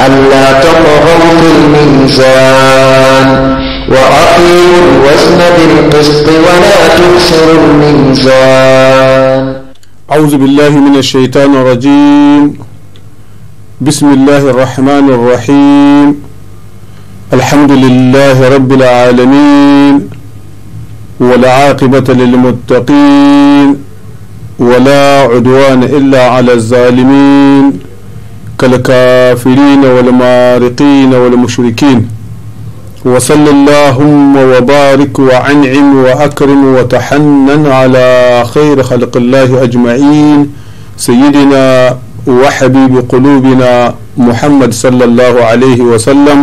ألا تطغوا في الميزان وأقيموا الوزن بالقسط ولا تكسروا الميزان أعوذ بالله من الشيطان الرجيم بسم الله الرحمن الرحيم الحمد لله رب العالمين والعاقبة للمتقين ولا عدوان إلا على الظالمين كالكافرين والمارقين والمشركين وصل اللهم وبارك وعنعم وأكرم وتحنن على خير خلق الله أجمعين سيدنا وحبيب قلوبنا محمد صلى الله عليه وسلم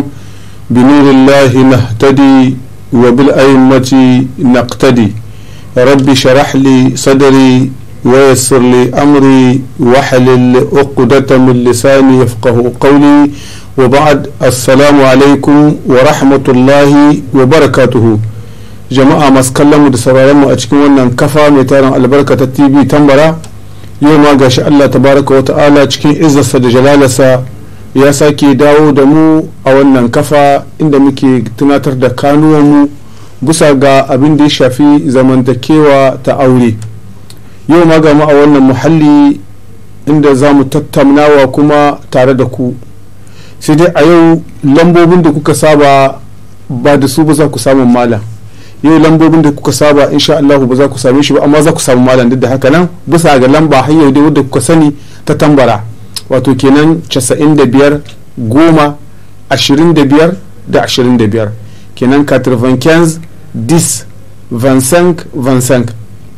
بنور الله نهتدي وبالأئمة نقتدي رب شرح لي صدري ويسر لي أمري واحلل عقدة من لساني يفقه قولي wa السلام عليكم ورحمة الله وبركاته jama'a masu kallon mu da sauraron mu a cikin wannan kafa mai tarin albarka ta tv tambara yau ma gashi allah tabaraka wa ta'ala cikin izzarsa da jalalarsa ya sake dawo da mu a wannan kafa inda muke tunatar da kanuwanmu gusa ga abinda ya shafi zamantakewa ta aure yau ma gama a wannan muhalli inda za mu tattaunawa kuma tare da ku sai dai a yau lambobin da kuka saba ba da su ba za ku samu malam yau lambobin da kuka saba insha Allah ba za ku same shi ba amma za ku samu mala duk da haka nan bisa ga lamba har yau dai wadda kuka sani ta tambara wato kenan 95 goma 25 da 25 kenan 95 dis vansank vansank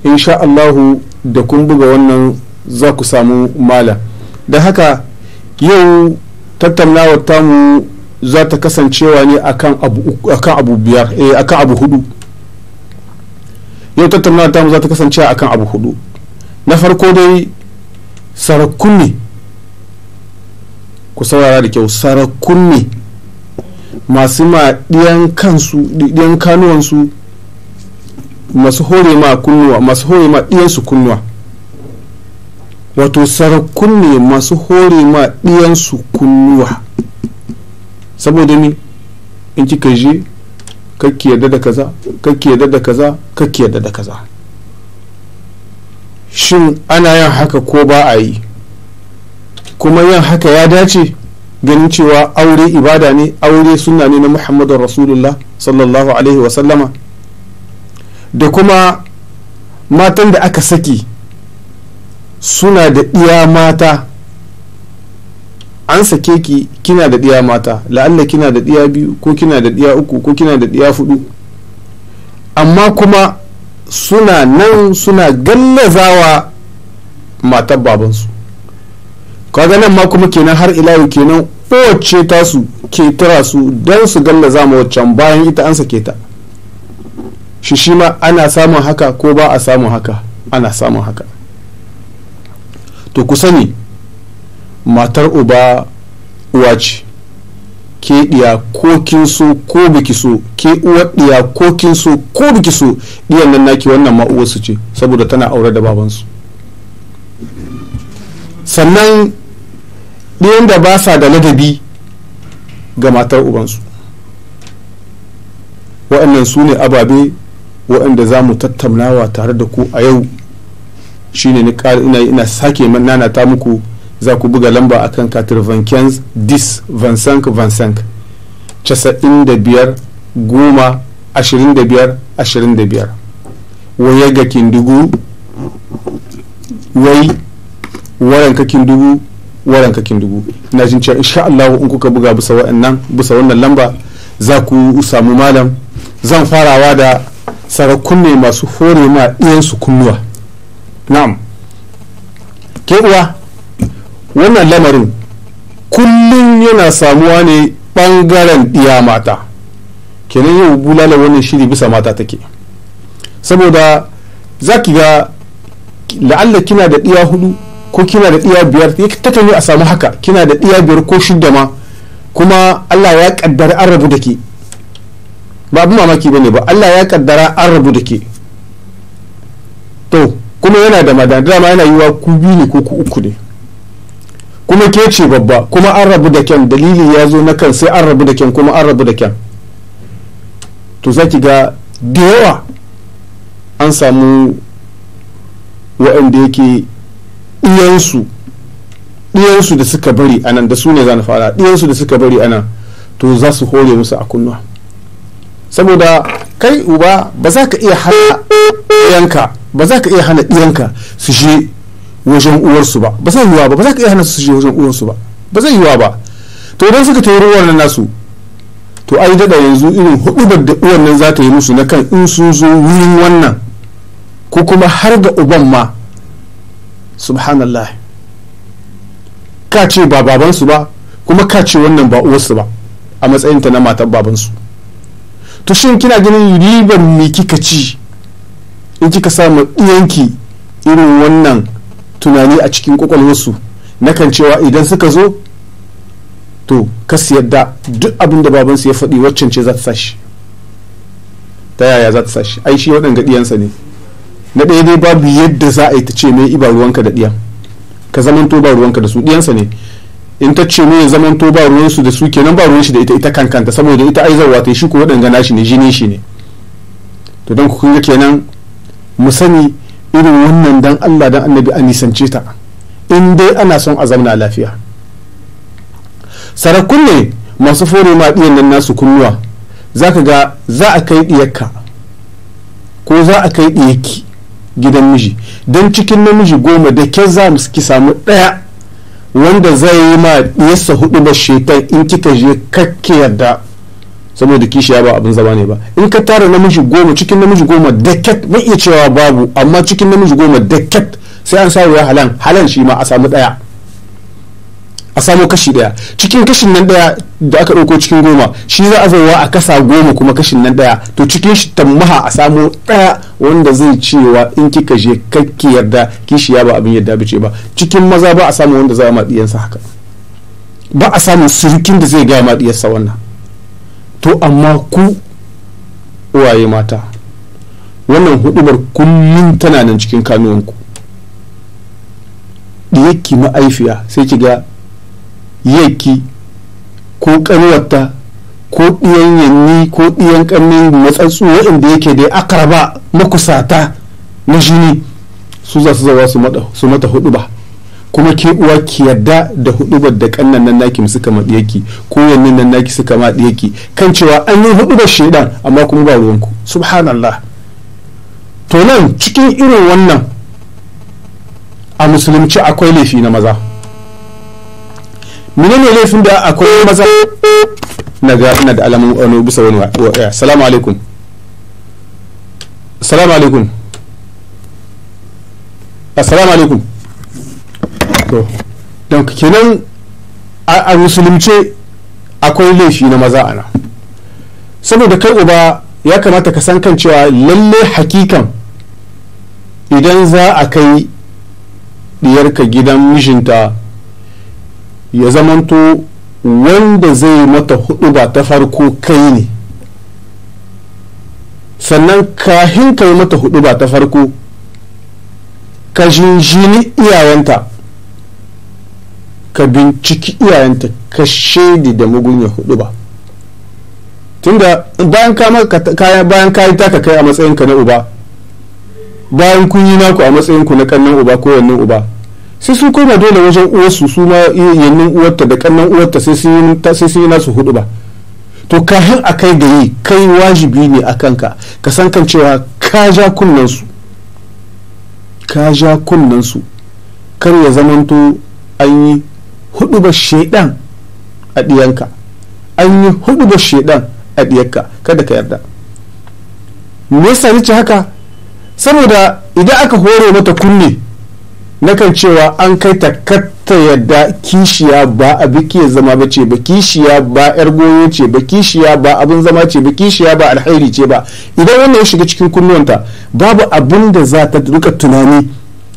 insha Allahu da kun buga wannan za ku samu mala da haka yau tattaunawar tamu za ta kasancewa ne akan abu biyar eh akan abu hudu yau tattaunawar tamu za ta kasancewa akan abu hudu na farko dai sarakun ne ku saurara da kyau sarakun ne masu ma kansu kanuwansu masu hore ma kunnuwa masu hore ma ɗiyansu kunnuwa wato sarakun ne masu hore ma ɗiyansu kunnuwa saboda ni in kika je kakki yadda da kaza kakki yadda da kaza kakki yadda da kaza shin ana yin haka ko ba a yi kuma yin haka ya dace ganin cewa aure ibada ne aure suna ne na muhammadun rasulullah sallallahu alaihi wasallama da kuma matan da aka saki suna da iya mata an sake ki kina da ɗiya mata la'alla kina da ɗiya biyu ko kina da ɗiya uku ko kina da ɗiya fudu amma kuma suna nan suna gallazawa matar babansu kaga nan ma kuma kenan har ilayu kenan kowace tasu ke tara su don su gallaza ma waccan bayan ita an sake ta shi shi ma ana samun haka ko ba a samun haka ana samun haka to ku sani matar uba uwa ce ke ɗiya ko kin so ko biki so ke uwa ɗiya ko kin ko biki so ɗiyan nan naki wannan ma su ce saboda tana aure da babansu sannan ɗayan da ba sa da ladabi ga matar ubansu waɗannan su ne ababe waɗanda za mu tattaunawa tare da ku a yau shine ni ina ina sake nana ta muku za ku buga lamba akan katir vankens dis vansank vansank casa'in da biyar goma ashirin da biyar ashirin da biyar waye ga kindugu wai waran ka kindugu waran ka kindugu ina jin cewa insha Allah in kuka buga bisa wannan bisa wannan lamba za ku samu malam zan farawa da sarakun ne masu hore ma su kunnuwa na'am ke uwa wannan lamarin kullum yana samuwa ne ɓangaren ɗiya mata kenan yau bulala wannan shiri bisa mata take saboda za ki ga la'alla kina da ɗiya hudu ko kina da ɗiya biyar ta ne a samu haka kina da ɗiya biyar ko shidda ma kuma allah ya kaddara an rabu da ke ba abu mamaki bane ba Allah ya kaddara an rabu da ke to kuma yana da madadara ma yana yi wa ku biyu ne ko ku uku ne kuma ke ce babba kuma an rabu da kyan dalili ya zo na kan sai an rabu da kyan kuma an rabu da kyan to za ki ga da yawa an samu waɗanda yake ɗiyansu ɗiyansu da suka bari anan da su ne za na fara ɗiyansu da suka bari anan to za su hore musu a kunnuwa saboda kai uba ba za ka iya hana ɗiyanka ba za ka iya hana ɗiyanka su je wajen uwarsu ba ba zai yiwa ba ba za ka iya hana su je wajen uwarsu ba ba zai yiwa ba to idan suka tauri ruwan nasu to ai dada yanzu irin hudubar da uwan nan za ta yi musu na kan in sun zo wurin wannan ko kuma har ga uban ma subhanallah ka ce ba babansu ba kuma ka ce wannan ba uwarsu ba a matsayinta na matan babansu to shin kina ganin ribar me kika ci in kika samu ɗiyanki irin wannan tunani a cikin kwakwalwarsu kan cewa idan suka zo to kas yadda duk abin da babansu ya faɗi waccan ce za ta sashi ta yaya za ta sashi ai shi waɗanda ɗiyansa ne na ɗaya dai babu yadda za a yi ta ce mai iba ruwanka da ɗiyan ka zamanto ba ruwanka da su ɗiyansa ne in ta ce ya zaman to ba ruwansu da su kenan ba ruwan shi da ita ita kankanta saboda ita aizawa ta shi ko waɗanga nashi ne jini shi ne to don kun ga kenan mu sani irin wannan dan Allah dan annabi a nisance ta in dai ana son a lafiya sarakun ne masu fore ma ɗiyan nan nasu kunnuwa za ka ga za a kai ɗiyakka ko za a kai ɗiyakki gidan miji don cikin namiji goma da ke za mu ki samu ɗaya wanda zai yi ma yasa hudu ba shekai in kika je kakke yadda saboda kishiya ba abin zama ne ba in ka tara namiji goma cikin namiji goma deket mai iya cewa babu amma cikin namiji goma deket sai an sa wuya halan halan shi ma a samu ɗaya a samo kashi daya cikin kashin nan daya da aka ɗauko cikin goma shi za a zauwa a kasa goma kuma kashin nan daya to cikin shi tambaha a samo daya wanda zai cewa in kika je kakki yarda kishiya ba abin yarda ce ba cikin maza ba a samu wanda za a matsiyansa haka ba a samu surukin da zai gaya matsiyarsa wannan to amma ku uwaye mata wannan hudubar kullum tana nan cikin kanuwanku da yake ma'aifiya sai ki ga yaki ko kanwarta ko ɗiyan yanni ko ɗiyan ƙannin matsatsu waɗanda yake da akaraba makusata na jini su za su zawa su mata hudu ba kuma ke uwa ki yarda da hudubar da kannan nan naki suka ma diyaki ko yannin nan naki suka ma diyaki kan cewa an yi hudubar shaidan amma kuma ba ruwanku subhanallah to nan cikin irin wannan a musulunci akwai laifi na maza menene laifin da akwai maza naga ina da alamun wani bisa wani waya salamu alaikum salamu alaikum assalamu alaikum to don kenan a musulunce akwai laifi na maza ana saboda kai uba ya kamata ka san kan cewa lalle hakikan idan za a kai diyarka gidan mijinta ya zamanto wanda zai mata hudu ba ta farko kai ne sannan kahin kai mata hudu ba ta farko ka jinjini iyayenta ka binciki iyayenta ka shaidi da mugunya hudu ba tunda bayan bayan kayi taka kai a matsayinka na uba bayan kun yi naku a matsayinku na kannan uba ko wannan uba sai sun koma dole wajen uwarsu su ma yannin uwarta da kannan uwarta sai sun yi nasu hudu ba to ka har a kai yi kai wajibi ne a kanka ka san kan cewa ka ja kunnansu ka ja kunnansu kar ya zamanto an yi hudu ba shaidan a diyanka an yi hudu ba shaidan a diyanka kada ka yarda me yasa nace haka saboda idan aka hore mata kunne nakan cewa an kai ta katta yadda kishiya ba a biki zama ba ce ba kishiya ba yar goyo ce ba kishiya ba abin zama ce ba kishiya ba alhairi ce ba idan wannan ya shiga cikin kunnuwanta babu abin da za ta duka tunani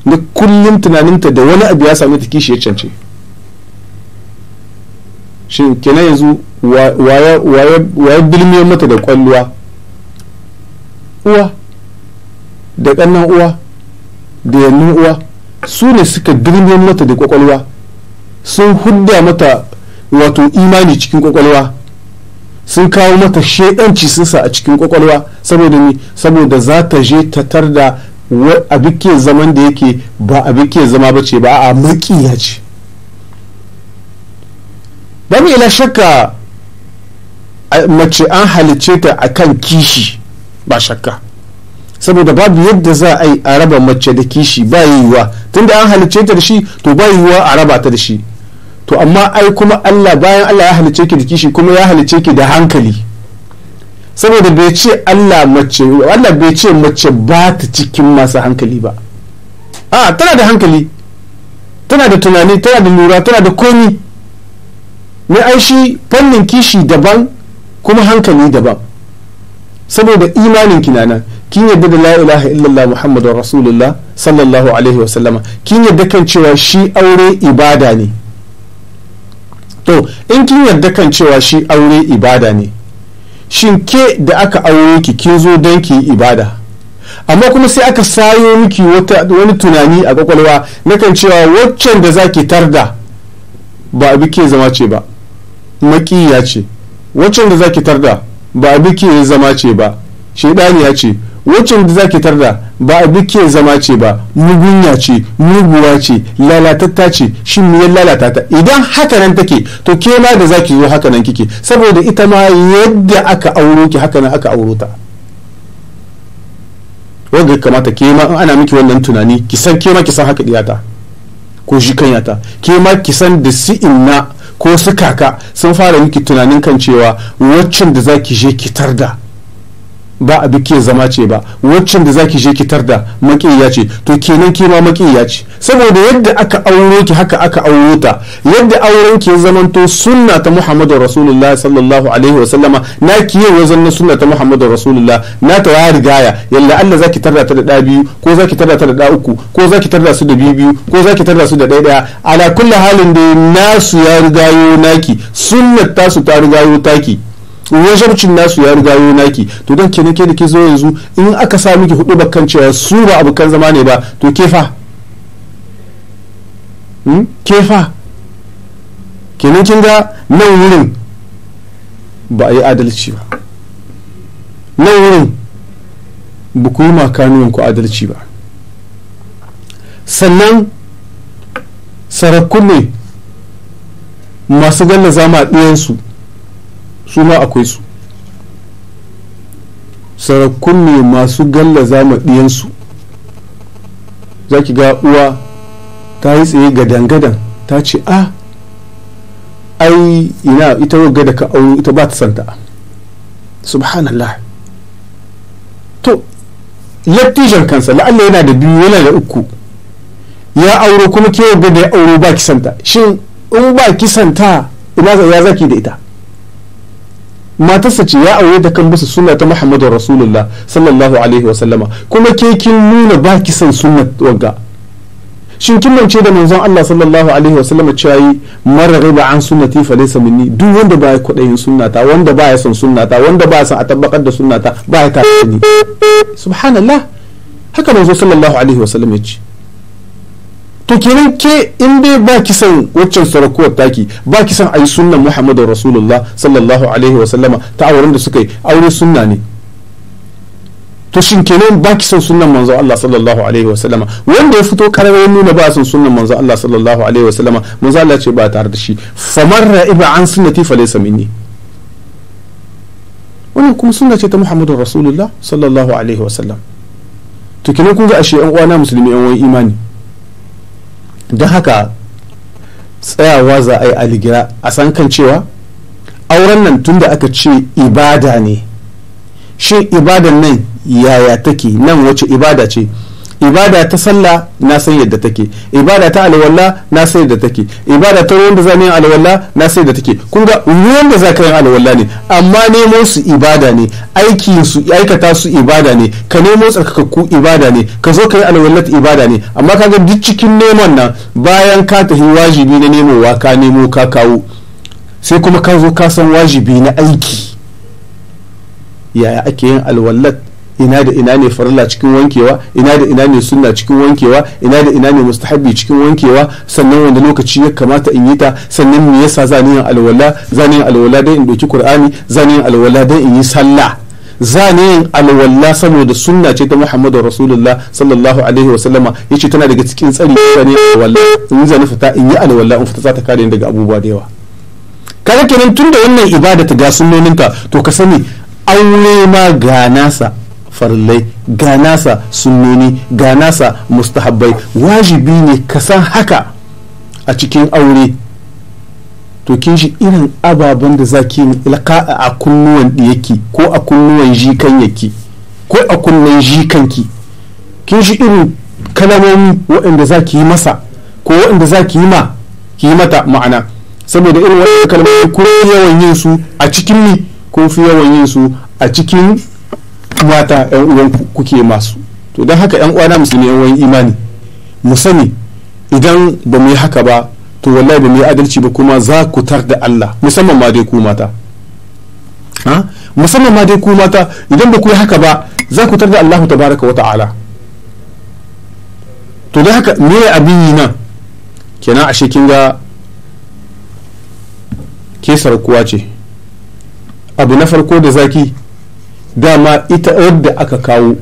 na kullum tunaninta da wani abu ya same ta kishiya cance shin kenan yanzu waye bilmiyar mata da kwalluwa uwa da ƙannan uwa da yannun uwa su ne suka birnin mata da kwakwalwa sun hudda mata wato imani cikin kwakwalwa sun kawo mata shaidanci sun sa a cikin kwakwalwa saboda ni saboda za ta je ta tar da abin zaman da yake ba abin zama ba ce ba a ya ce babu ila shakka mace an halicce ta a kan kishi ba shakka saboda babu yadda za a yi a raba mace da kishi ba yiwuwa tunda an halicce ta da shi to ba yiwuwa a raba ta da shi to amma ai kuma Allah bayan Allah ya halicce ki da kishi kuma ya halicce ki da hankali saboda bai ce Allah mace Allah bai ce mace ba ta cikin masu hankali ba a tana da hankali tana da tunani tana da lura tana da komi mai ai fannin kishi daban kuma hankali daban saboda imanin kinana, nan kin yadda da la ilaha illallah muhammadur rasulullah sallallahu alaihi wasallama kin yadda kan cewa shi aure ibada ne to in kin yadda kan cewa shi aure ibada ne shin ke da aka aure ki kin zo don ki ibada amma kuma sai aka sayo miki wani tunani a kwakwalwa na kan cewa waccan da za ki tarda ba abu ke zama ce ba Makiya ce waccan da za ki tarda ba bike zama ce ba ya ce wacce da zaki tarda ba a bike zama ce ba mugunya ce muguwa ce lalatatta ce shin me lalata ta idan haka nan take to ke ma da zaki zo haka nan kike saboda ita ma yadda aka auro ki haka nan aka auro ta wanda kamata ke ma ana miki wannan tunani ki san ke ma ki san haka diyata ko shi kanyata ke ma ki san da siin na. ko su kaka sun fara miki tunanin kan cewa waccan da zaki je ki tarda ba a duke zama ce ba waccan da zaki je kitar da makiyya ce to kenan ke ma makiyya ce saboda yadda aka auro ki haka aka auro ta yadda auren ki zamanto sunna ta Muhammadu Rasulullahi sallallahu alaihi wa sallama na kiye wazan na sunna ta Muhammadu Rasulullahi na ta ya rigaya yalla Allah zaki tarda ta da da biyu ko zaki tarda ta da da uku ko zaki tarda su da biyu biyu ko zaki tarda su da ɗaya ɗaya ala kulli halin da nasu ya rigayo naki ta tasu ta rigayo taki wajabcin nasu ya riga yi naki to dan kenan ke da ke zo yanzu in aka sa miki hudu bakan cewa su ba abokan zama ne ba to kefa hmm? kefa kenan kin ga nan wurin ba a yi adalci ba nan wurin ba ku yi ku adalci ba sannan sarakun ne masu gallaza ma ɗiyansu su ma akwai su sarakun ne masu gallaza ma su za ki ga uwa ta yi tsaye gadan-gadan ta ce a ai ina ita wagga da ka auro ita ba ta santa subhanallah to lattijan kansa la'alla yana da biyu yana da uku ya auro kuma ke wagga da ya auro ba ki santa shin in ba ki santa ina ya zaki da ita matarsa ce ya aure da kan bisa sunna ta Muhammadu Rasulullah sallallahu alaihi wa sallama kuma ke kin nuna ba ki san sunna wagga shin kin mance da manzon Allah sallallahu alaihi wa sallama cewa yi mara riba an sunnati fa laysa minni duk wanda ba ya kudayin sunnata wanda ba ya son sunnata wanda ba ya son a tabbakar da sunnata ba ya ta ni subhanallah haka manzo sallallahu alaihi wa sallam ya ce to kenan ke in dai ba ki san waccan sarakuwar taki ba ki san ayi sunnan muhammadu rasulullah sallallahu alaihi wa sallama ta auren da suka yi aure sunna ne to shin kenan ba ki san sunnan manzo Allah sallallahu alaihi wa sallama wanda ya fito karawar nuna ba san sunnan manzo Allah sallallahu alaihi wa sallama manzo Allah ce ba tare da shi famarra iba an sunnati fa laysa minni wannan kuma sunna ce ta muhammadu rasulullah sallallahu alaihi wa sallam to kenan kun ga ashe yan uwana musulmi yan uwan imani da haka tsayawa za a yi aligira a san kan cewa auren nan tun da aka ce ibada ne shin ibadan nan yaya take nan wace ibada ce ibada ta sallah na san yadda take ibada ta alwala na san yadda take ibada ta ruwan da zan yi alwala na san yadda take kun ga ruwan da zaka yi alwala ne amma nemo su ibada ne aiki su aikata su ibada ne ka nemo tsarkakakku ibada ne ka zo ka yi alwala ibada ne amma kaga duk cikin neman nan bayan ka tafi wajibi na nemowa ka nemo ka kawo sai kuma ka zo ka san wajibi na aiki yaya ake yin alwalat ina da ina ne farilla cikin wankewa ina da ina ne sunna cikin wankewa ina da ina ne mustahabi cikin wankewa sannan wanda lokaci ya kamata in yi ta sannan me yasa zani yin alwala zani yin alwala dan in doki qur'ani zani yin alwala dan in yi sallah zani yin alwala saboda sunna ce ta Muhammadu Rasulullah sallallahu alaihi wasallama yace tana daga cikin tsari zani alwala in zani fita in yi alwala in fita za ta kare ni daga abubuwa da yawa kaga kenan tunda wannan ibada ta ga sunnoninka to ka sani aure ma ga nasa farillai ga nasa sunnoni ga nasa mustahabbai wajibi ne ka san haka a cikin aure to kin shi irin ababen da zaki ilaka a kunnuwan diyaki ko a kunnuwan jikan yaki ko a kunnen jikanki kin shi irin kalamomi waɗanda zaki yi masa ko waɗanda zaki yi ma ki mata ma'ana saboda irin waɗanda kalamomi ko yawan yin su a cikin ni ko fi yawan yin su a cikin mata yan uwan kuke masu to don haka yan uwana musulmi yan uwan imani mu sani idan ba mu yi haka ba to wallahi ba mu yi adalci ba kuma za ku tar da Allah musamman ma dai ku mata ha musamman ma dai ku mata idan ba ku yi haka ba za ku tar da Allah tabaraka wa ta'ala to don haka me abin yi nan kenan ashe kin ga ke sarkuwa ce abu na farko da zaki dama ita wadda aka kawo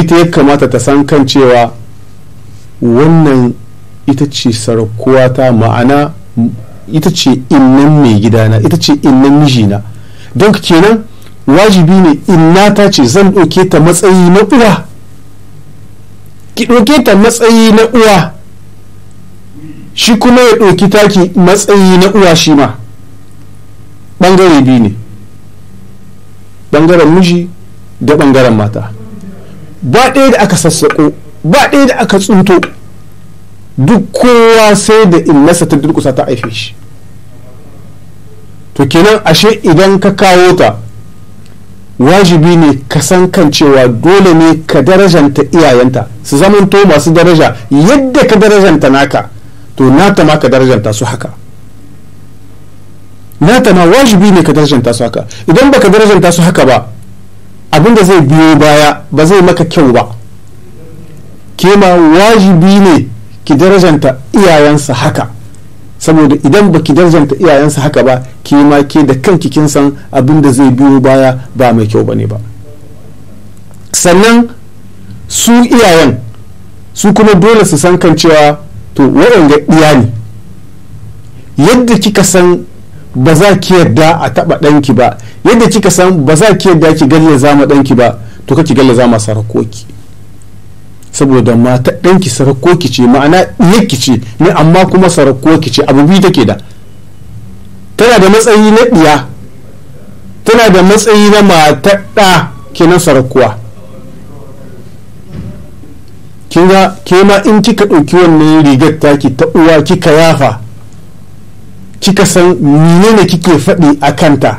ita ya kamata ta san kan cewa wannan ita ce sarakuwa ta ma'ana ita ce innan mai gidana ita ce innan mijina don kenan wajibi ne inna ta ce zan ɗauke ta matsayi na uwa ki ɗauke ta matsayi na uwa shi kuma ya ɗauki taki matsayi na uwa shi ma ɓangare biyu ne bangaren miji da bangaren mata ba ɗaya da aka sassaƙo ba ɗaya da aka tsunto duk kowa sai da nasa ta durkusa ta aife shi to kenan ashe idan ka kawo ta wajibi ne ka san kan cewa dole ne ka darajanta iyayenta su zamanto masu daraja yadda ka darajanta naka to nata ma ka darajanta su haka nata ma wajibi ne ka darajanta su haka idan baka darajanta su haka ba abin da zai biyo baya ba zai maka kyau ba ke ma wajibi ne ki darajanta iyayensa haka saboda idan ba ki darajanta iyayensa haka ba ke ma ke da kanki kin san abin da zai biyo baya ba mai kyau ba ne ba sannan su iyayen su kuma dole su san kan cewa to waɗanda iyali yadda kika san ba za ki yarda a taba ɗanki ba yadda kika san ba za ki yarda ki galle zama ɗanki ba to kake galle zama sarakoki saboda mata ɗanki sarakoki ce ma'ana ɗiyarki ce ne amma kuma sarakoki ce abu biyu take da tana da matsayi na ɗiya tana da matsayi na matar ɗa kenan sarakuwa kin ga in kika ɗauki wannan rigar taki ta uwa kika yafa kika san menene kike faɗi a kanta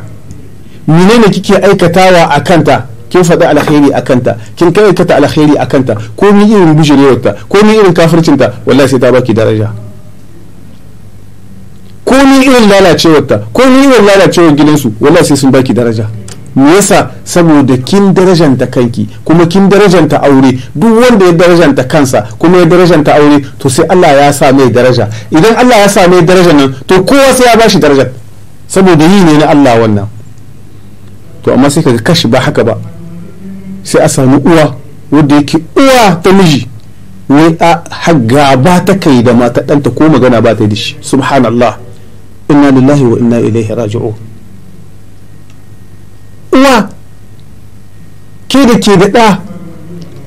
menene kike aikatawa a kanta kin faɗi alkhairi a kanta kin kai aikata alkhairi a kanta ko mi irin bijirewarta ko mi irin kafircinta wallahi sai ta baki daraja ko ni irin lalacewarta ko ni irin lalacewar gidansu wallahi sai sun baki daraja me yasa saboda kin darajanta kanki kuma kin darajanta aure duk wanda ya darajanta kansa kuma ya darajanta aure to sai Allah ya sa mai daraja idan Allah ya sa mai daraja nan to kowa sai ya bashi daraja saboda yi ne na Allah wannan to amma sai kaga kashi ba haka ba sai a sami uwa wanda yake uwa ta miji wai a ba ta kai da mata ɗanta ko magana ba ta da shi subhanallah inna lillahi wa inna ilaihi raji'un uwa ke da ke da ɗa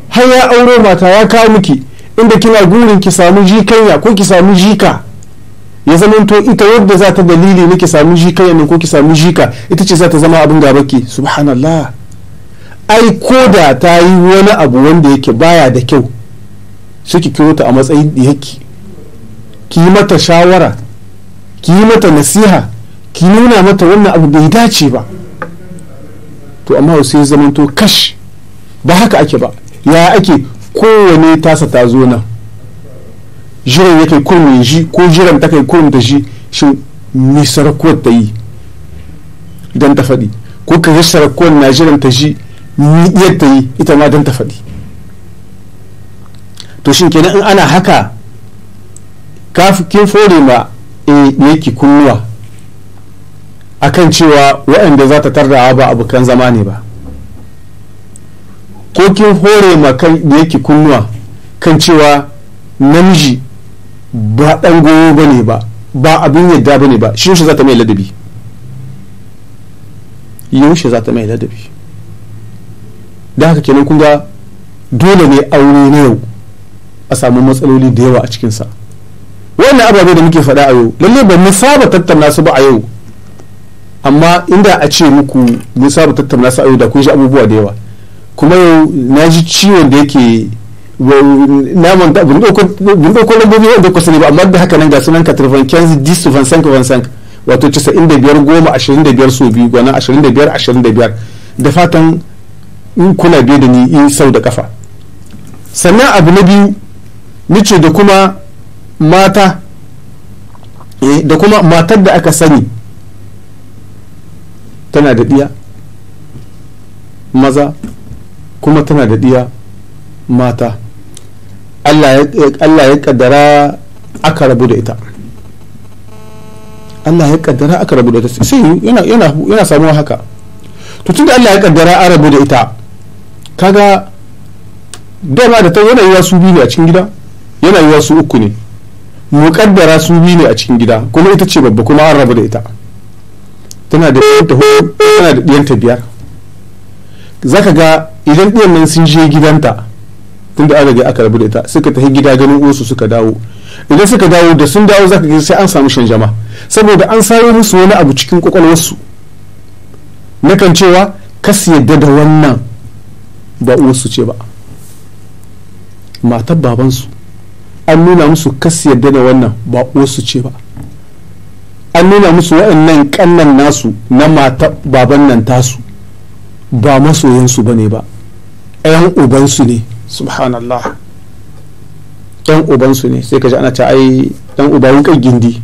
har ya auro mata ya kawo miki inda kina gurin ki samu jikanya ko ki samu jika ya zama to ita wadda za ta dalili ne ki samu jikanya ne ko ki samu jika ita ce za ta zama abin gabaki subhanallah ai ko da ta yi wani abu wanda yake baya da kyau suki kiro ta a matsayin da yake ki yi mata shawara ki yi mata nasiha ki nuna mata wannan abu bai dace ba to amma sai zamanto kash ba haka ake ba ya ake kowane tasa ta zo nan jiran ya kai kurmi shi ko jiran ta kai kurmi ta shi shin sarakuwar ta yi don ta faɗi ko ka yi sarakuwar na jiran ta shi ni iya ta yi ita ma don ta faɗi to shin kenan in ana haka kafin fore ma e yake kunnuwa akan cewa waɗanda za ta tarda ba abokan zama ne ba ko kin hore ma da yake kunnuwa kan cewa namiji ba ɗan goyo ba ne ba ba abin yadda ba ne ba shi yaushe za ta mai ladabi yaushe za ta mai ladabi da haka kenan kun dole ne aure na yau a samu matsaloli da yawa a cikinsa wannan ababe da muke faɗa a yau lalle ba mu saba tattauna su ba a yau amma inda a ce muku mun saba tattauna su a da kun shi abubuwa da yawa kuma yau na ji ciwon da yake naman da bin ɗauko lambobi wanda kusa ne ba amma da haka nan ga sunan katarfan kyanzu disu van sanka van sanka wato 95 goma 25 so biyu gwanan 25 25 da fatan in kula biyu da ni in sau da kafa sannan abu na biyu nice da kuma mata eh, da kuma matar da aka sani tana da ɗiya maza kuma tana da ɗiya mata Allah ya ƙaddara aka rabu da ita Allah ya ƙaddara aka rabu da ita sai yana yana samuwa haka to tunda Allah ya ƙaddara a rabu da ita kaga dama da ta yana su biyu ne a cikin gida yana yi su uku ne mu ƙaddara su biyu ne a cikin gida kuma ita ce babba kuma an rabu da ita tana da ɗiyanta hudu tana da ɗiyanta biyar za ka ga idan ɗiyan nan sun je gidanta tunda da rage aka rabu da ita suka tafi gida ganin uwarsu suka dawo idan suka dawo da sun dawo za ka ga sai an samu shanjama saboda an sayo musu wani abu cikin kwakwalwarsu kan cewa kas yadda da wannan ba uwarsu ce ba matar babansu an nuna musu kas yadda da wannan ba uwarsu ce ba an nuna musu wa'annan kannan nasu na mata baban nan tasu ba masoyansu ba ne ba 'yan ubansu ne subhanallah 'yan ubansu ne sai ka ji ana ta ai dan uba kan gindi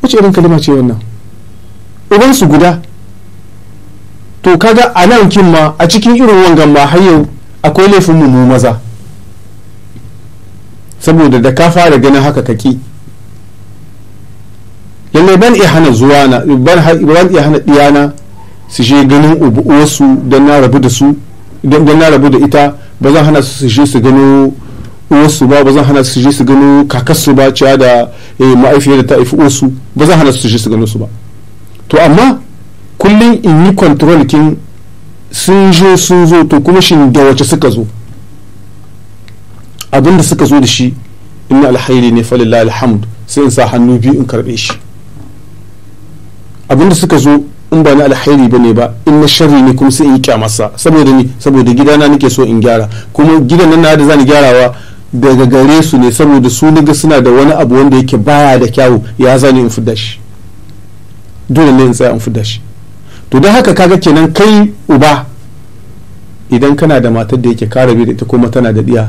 wace irin kalima ce wannan ubansu guda to kaga a nan kin ma a cikin irin wangan ma har yau akwai laifin mu maza saboda da ka fara ganin haka kaki lallai ban iya hana zuwa na ban iya hana diyana su je ganin uwarsu don na rabu da su don na rabu da ita ba zan hana su je su gano uwarsu ba ba zan hana su je su gano kakarsu ba ciya da eh, ma'aifiyar da ta haifi uwarsu ba zan hana su je su gano su ba to amma kullum in yi control kin sun je sun zo to kuma shin da wace suka zo abinda suka zo da shi inna alhairi ne falillah alhamd sai in sa hannu biyu in karbe shi abinda suka zo in ba na alheri ba ne ba in na sharri ne kuma sai in yi kyamarsa saboda ni saboda gidana nake so in gyara kuma gidan nan na da zani gyarawa daga gare su ne saboda su suna da wani abu wanda yake baya da kyawu ya zani in fi shi dole ne in tsaya in fi shi to don haka kaga kenan kai uba idan kana da matar da yake bi da ita kuma tana da diya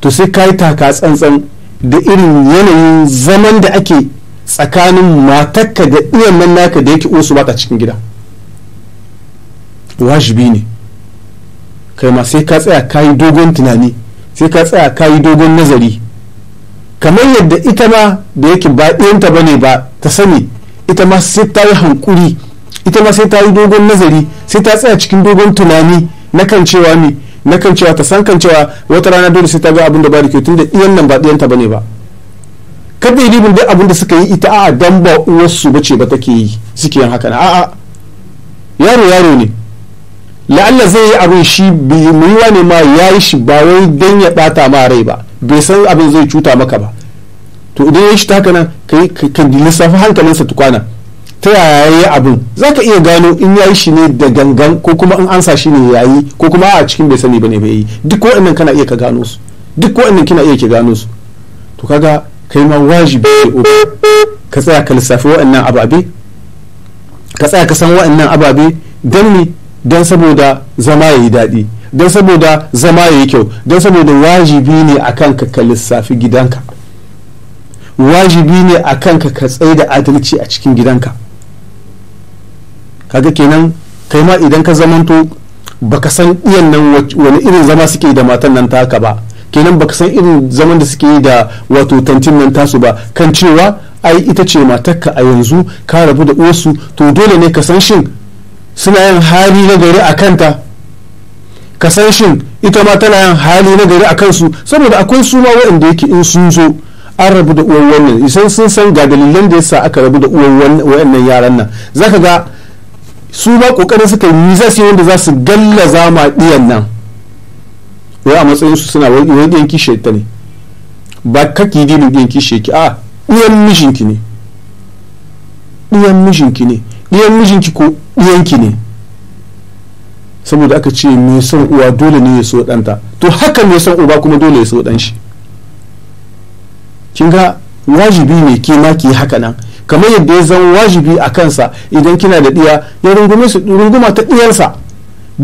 to sai ka yi taka tsantsan da irin yanayin zaman da ake tsakanin matakka da iyan nan naka da yake ba baka cikin gida wajibi ne kai ma sai ka tsaya ka yi dogon tunani sai ka tsaya ka yi dogon nazari kamar yadda ita ma da yake ba ɗiyanta ba ne ba ta sani ita ma sai ta yi hankuri ita ma sai ta yi dogon nazari sai ta tsaya cikin dogon tunani na kan cewa ne na kan cewa ta san kan cewa wata rana dole sai ta ga abin da ba da kyau tun da ɗiyan nan ba ɗiyanta ba ne ba kada yi duk abin da suka yi ita a dan ba uwarsu bace ba take yi suke yin haka a'a yaro yaro ne la'alla zai yi abin shi muyiwa ne ma ya yi shi ba wai dan ya bata ma rai ba bai san abin zai cuta maka ba to idan ya shi ta haka nan ka lissafi hankalinsa tukwana ta yaya ya yi abin za ka iya gano in ya yi shi ne da gangan ko kuma in ansa shi ne ya yi ko kuma a cikin bai sani ba ne bai yi duk waɗannan kana iya ka gano su duk waɗannan kina iya ki gano su to kaga kai ma wajibi ne uba ka tsaya ka lissafi wa'annan ababe ka tsaya ka san wa'annan ababe don ne don saboda zama ya yi daɗi don saboda zama ya yi kyau don saboda wajibi ne a kanka ka lissafi gidanka wajibi ne a kanka ka tsaye da adalci a cikin gidanka kaga kenan kai ma idan ka zamanto baka san iyan nan wani irin zama suke da matan nan taka ba kenan baka san irin zaman da suke yi da wato tantin nan tasu ba kan cewa ai ita ce matarka a yanzu ka rabu da uwarsu to dole ne ka san shin suna yin hali na gari a kanta ka san shin ita ma tana yin hali na gari a kansu saboda akwai su ma waɗanda yake in sun zo an rabu da uwar wannan isan sun san ga dalilan da yasa aka rabu da uwar wannan yaran nan zaka ga su ba kokarin suka yi za su yi wanda za su gallaza ma ɗiyan nan wai a matsayin su suna wai wai ɗiyan kishi ta ne ba kaki dinin ɗiyan kishi ki a ɗiyan mijinki ne ɗiyan mijinki ne ɗiyan mijinki ko ɗiyanki ne saboda aka ce mai son uwa dole ne ya so ɗanta to haka mai son uba kuma dole ya so ɗan shi kin ga wajibi ne ke ma ki haka nan kamar yadda ya zama wajibi a kansa idan kina da ɗiya ya rungume su rungumata ta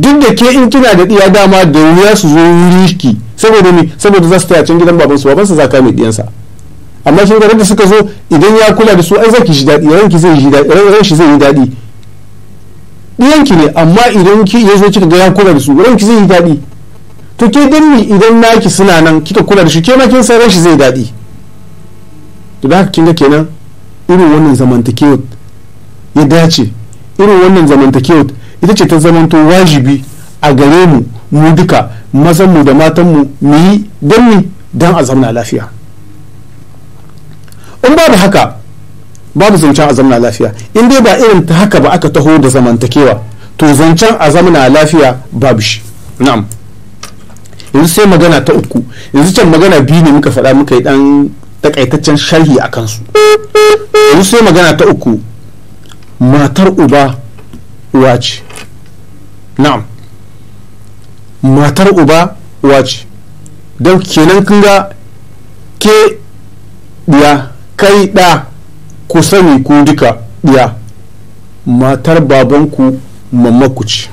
duk da ke in kina da ɗiya dama da wuya su zo wuri ki saboda ni saboda za su taya can gidan babansu babansa za ka mai ɗiyansa amma kin ga da suka zo idan ya kula da su ai zaki shi dadi ran ki zai shi daɗi ran shi zai yi daɗi ɗiyan ki ne amma idan ki ya zo kika ga ya kula da su ran ki zai yi daɗi to ke dan ni idan naki suna nan kika kula da shi ke ma kin san ran shi zai daɗi to da haka kin ga kenan irin wannan zamantakewa ya dace irin wannan zamantakewa ita ce ta zamanto wajibi a gare mu mu duka mazan mu da matan mu mu yi don mu don a zamna lafiya in babu haka babu zancen a zamna lafiya in dai ba irin ta haka ba aka taho da zamantakewa to zancen a zamna lafiya babu shi na'am yanzu sai magana ta uku yanzu can magana biyu ne muka faɗa muka yi ɗan takaitaccen sharhi a kansu yanzu sai magana ta uku matar uba uwa ce na'am matar uba uwa ce don kenan kun ga ke ɗiya kai ɗa ku sani ku duka ɗiya matar babanku mamaku ce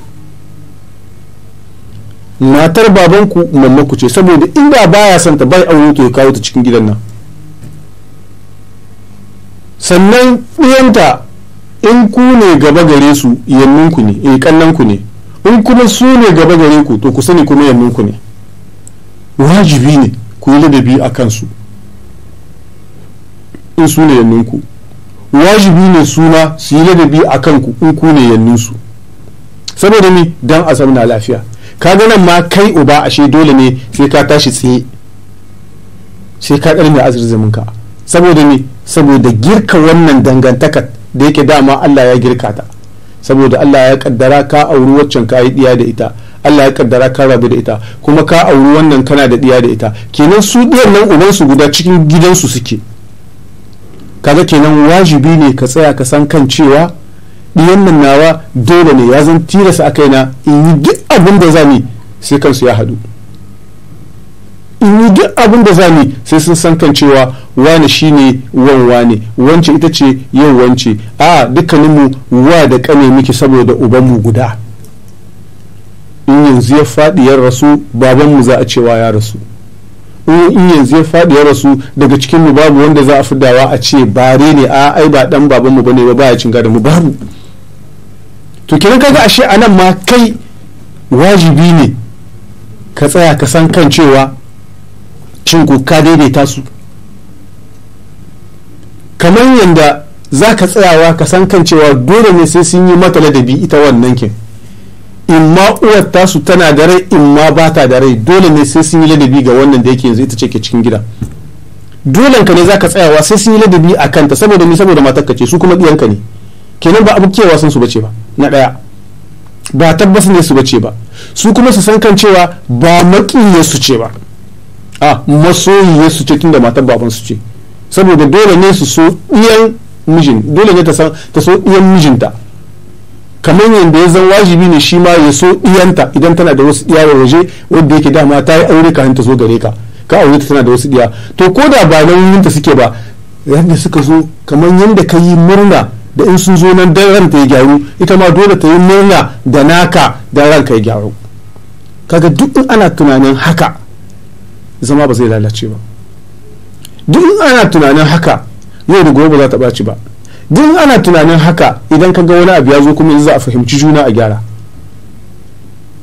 matar babanku mamaku ce saboda inda baya son ta bai aure to ya kawo ta cikin gidan nan sannan ɗiyanta in ku ne gaba gare su ku ne eh ku ne in kuma su ne gaba gare ku to ku sani kuma ku ne wajibi ne ku yi ladabi a kansu in su ne ku wajibi ne suna su yi ladabi a kanku in ku ne su saboda ni dan a na lafiya ka ga nan ma kai uba ashe dole ne sai ka tashi tsaye sai ka karmi azurzumin ka saboda ni saboda girka wannan dangantaka da yake dama Allah ya girka ta saboda Allah ya kaddara ka auri waccan ka yi diya da ita Allah ya kaddara ka rabu da ita kuma ka auri wannan kana da diya da ita kenan su diyan nan uban su guda cikin gidansu suke kaga kenan wajibi ne ka tsaya ka san kan cewa diyan nan nawa dole ne ya zan tilasa akai na in yi duk abin da zani sai kansu ya hadu in yi duk abin da zani sai sun san kan cewa wani shine wan wani wance ita ce yau wance a dukkaninmu wa da kane miki saboda ubanmu guda in yanzu ya faɗi ya rasu babanmu za a cewa ya rasu in yanzu ya faɗi ya rasu daga cikinmu babu wanda za a fidawa a ce bare ne a ai ba dan babanmu bane ba baya cin gada mu babu to kiran kaga ashe anan ma kai wajibi ne ka tsaya ka san kan cewa cin ku ka daidaita su kamar yadda za ka tsayawa ka san kan cewa dole ne sai sun yi mata ladabi ita wannan kin ma uwar tasu tana da rai ma ba ta da rai dole ne sai sun yi ladabi ga wannan da yake yanzu ita ce ke cikin gida dolen ka ne za ka tsayawa sai sun yi ladabi a kanta saboda ni saboda matar ka ce su kuma ɗiyanka ne kenan ba abu kewa sun su bace ba na ɗaya ba tabbas ne su bace ba su kuma su san kan cewa ba maƙiye su ce ba a masoyiye su ce tunda matar baban su ce saboda dole ne su so ɗiyan mijin dole ne ta so ɗiyan mijinta kamar yadda ya zan wajibi ne shi ma ya so ɗiyanta idan tana da wasu ɗiya waje wanda yake dama ta yi aure kafin ta zo gare ka ka aure ta tana da wasu ɗiya to ko da ba nan ta suke ba yadda suka zo kamar yadda ka yi murna da in sun zo nan dan ranta ya gyaru ita ma dole ta yi murna da naka dan ranka ya gyaru kaga duk in ana tunanin haka zama ba zai lalace ba duk ana tunanin haka yau da gobe za ta ɓaci ba duk ana tunanin haka idan ka ga wani abu ya zo kuma za a fahimci juna a gyara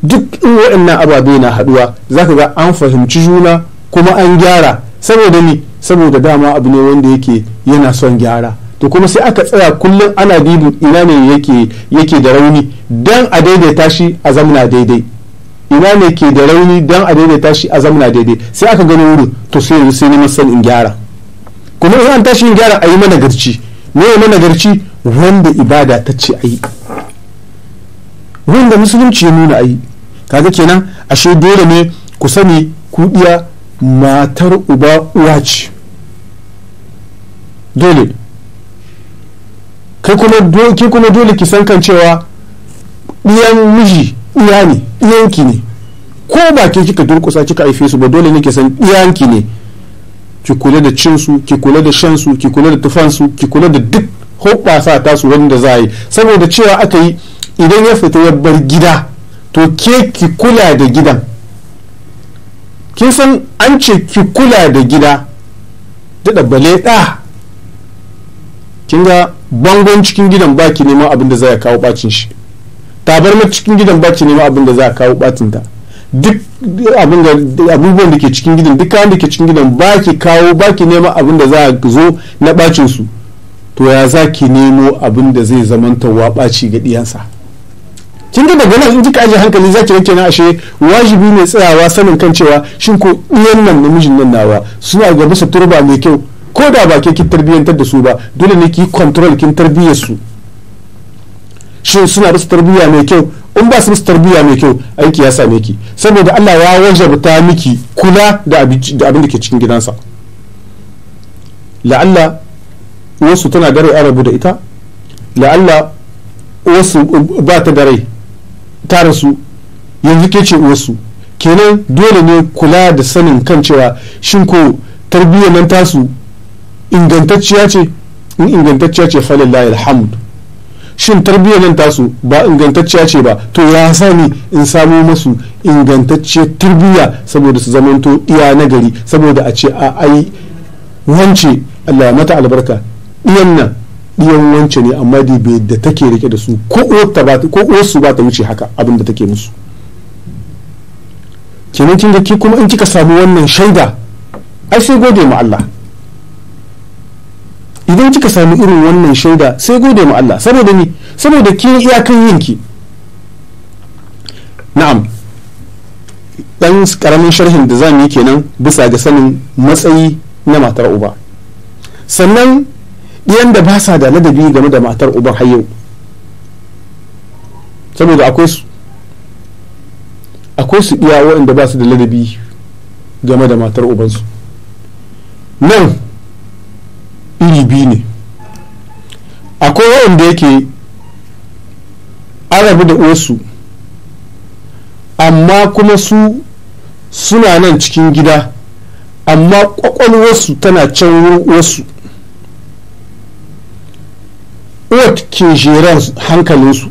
duk in waɗannan ababe na haɗuwa za ka ga an fahimci juna kuma an gyara saboda ni saboda dama abu ne wanda yake yana son gyara to kuma sai aka tsaya kullum ana dibin ina ne yake yake da rauni don a daidaita shi a zamana daidai ina ne ke da rauni don a daidaita tashi a zamana daidai sai aka gano wurin to sai yanzu sai neman san in gyara kuma in an tashi in gyara a yi mana garci ne ya mana garci wanda ibada ta ce a yi wanda musulunci ya nuna a yi kaga kenan ashe dole ne ku sani kudiya matar uba uwa ce dole kai kuma dole ki san kan cewa ɗiyan miji iya ne iyanki ne ko ba ke kika durkusa kika haife su ba dole ne ke san iyanki ne ki kula da cin su ki kula da shan su ki kula da tufan su ki kula da duk hoɓɓasa ta su wanda za yi saboda cewa aka yi idan ya fita ya bar gida to ke ki kula da gidan kin san an ce ki kula da gida daɗa bale da kin ga bangon cikin gidan baki neman abin da ya kawo bacin shi tabarmar cikin gidan ba ki nema abin da za a kawo batin ta duk abubuwan da ke cikin gidan duk kayan da ke cikin gidan ba ki kawo ba ki nema abin da za a zo na bacin su to ya za ki nemo abin da zai zamanta wa baci ga diyansa kin ga daga nan in kika aje hankali za ki rike na ashe wajibi ne tsayawa sanin kan cewa shin ko diyan nan namijin nan nawa suna ga bisa turba mai kyau ko da ba ke ki tarbiyyantar da su ba dole ne ki control kin tarbiyyar su shin suna musu tarbiyya mai kyau in ba su musu tarbiyya mai kyau aiki ya same ki saboda Allah ya wajabta miki kula da abin da ke cikin gidansa la'alla wasu tana dare a rabu da ita la'alla wasu ba ta dare ta rasu yanzu ke ce wasu kenan dole ne kula da sanin kan cewa shin ko tarbiyyar nan tasu ingantacciya ce in ingantacciya ce falillahi alhamdu shin tarbiyyar nan tasu ba ingantacciya ce ba to ya sani in samo masu ingantacciyar tarbiyya saboda su zamanto iya na gari saboda a ce a ai wance Allah mata albarka ɗiyan nan ɗiyan wance ne amma bai da take rike da su ko uwarsu ba ta wuce haka abin da take musu kenan kin ga ki kuma in kika samu wannan shaida ai sai gode ma Allah idan kika sami irin wannan shaida sai gode ma Allah saboda ni saboda ke iyakan yinki na'am dan karamin sharhin da zamu yi kenan bisa ga sanin matsayi na matar uba sannan ɗiyan da ba sa da ladabi game da matar uban har yau saboda akwai su akwai su ɗiya waɗanda ba su da ladabi game da matar ubansu nan iri biyu ne akwai waɗanda yake arabu da uwarsu amma kuma su suna nan cikin gida amma kwakwalwarsu tana can wasu uwat ke jeran hankalinsu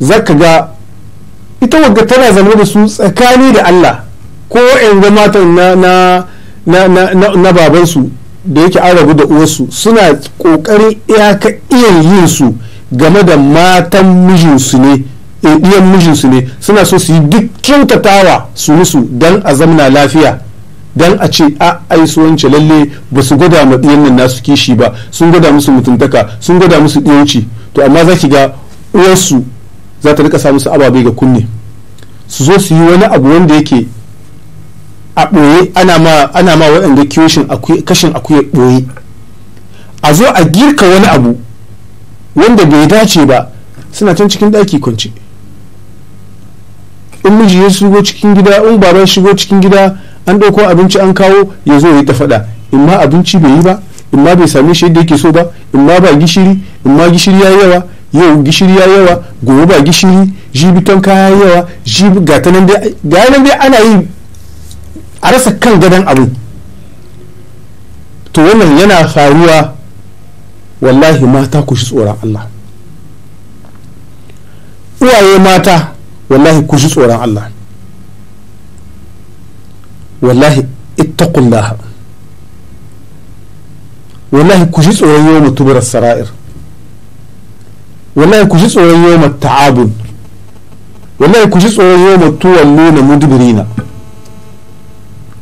zaka ga ita wadda tana zama da su tsakani da allah ko in matan na na babansu da yake an rabu da uwarsu suna kokarin iyaka iyan yin su game da matan mijinsu ne eh, ɗiyan mijinsu ne suna so su yi duk kyautatawa su musu don a zamna lafiya don a ce a aisuwanci lalle ba su gwada ma ɗiyan nan nasu kishi ba sun gwada musu mutuntaka sun gwada musu ɗiyanci to amma za ki ga uwarsu za ta rika sa musu ababe ga kunne su zo su yi wani abu wanda yake a ɓoye ana ma waɗanda kashin akuya ɓoye a zo a girka wani abu wanda bai dace ba suna can cikin ɗaki kwanci in miji ya shigo cikin gida in baban shigo cikin gida an ɗauko abinci an kawo ya zo ya tafaɗa in ma abinci bai yi ba in ma bai same shi yadda yake so ba in ma ba gishiri in ma gishiri ya yawa yau gishiri ya yawa gobe ba gishiri jibi ton kaya yawa jibi ga nan dai ana yi a rasa kan gadon abin to wannan yana faruwa wallahi mata ku shi tsoron Allah uwaye mata wallahi ku shi tsoron Allah wallahi ittaqullah wallahi ku shi tsoron yau mutubar sara'ir wallahi ku shi tsoron yau ta'abun wallahi ku shi tsoron yau mutuwallo na mudubirina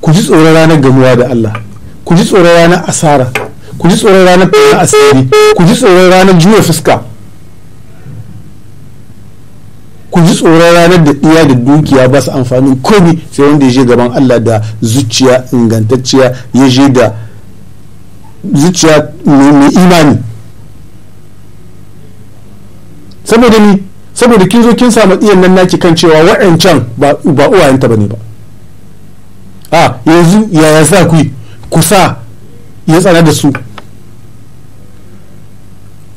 ku ji tsoron ranar gamuwa da Allah ku ji tsoron ranar asara ku ji tsoron ranar fara asiri ku ji tsoron ranar juya fuska ku ji tsoron ranar da iya da dukiya ba su amfani komi sai wanda ya je gaban Allah da zuciya ingantacciya ya je da zuciya mai imani saboda ni saboda kin zo kin samu iyan nan naki kan cewa wa'ancan ba uwayenta bane ba a ah, yanzu yaya za ku yi kusa ya tsara da su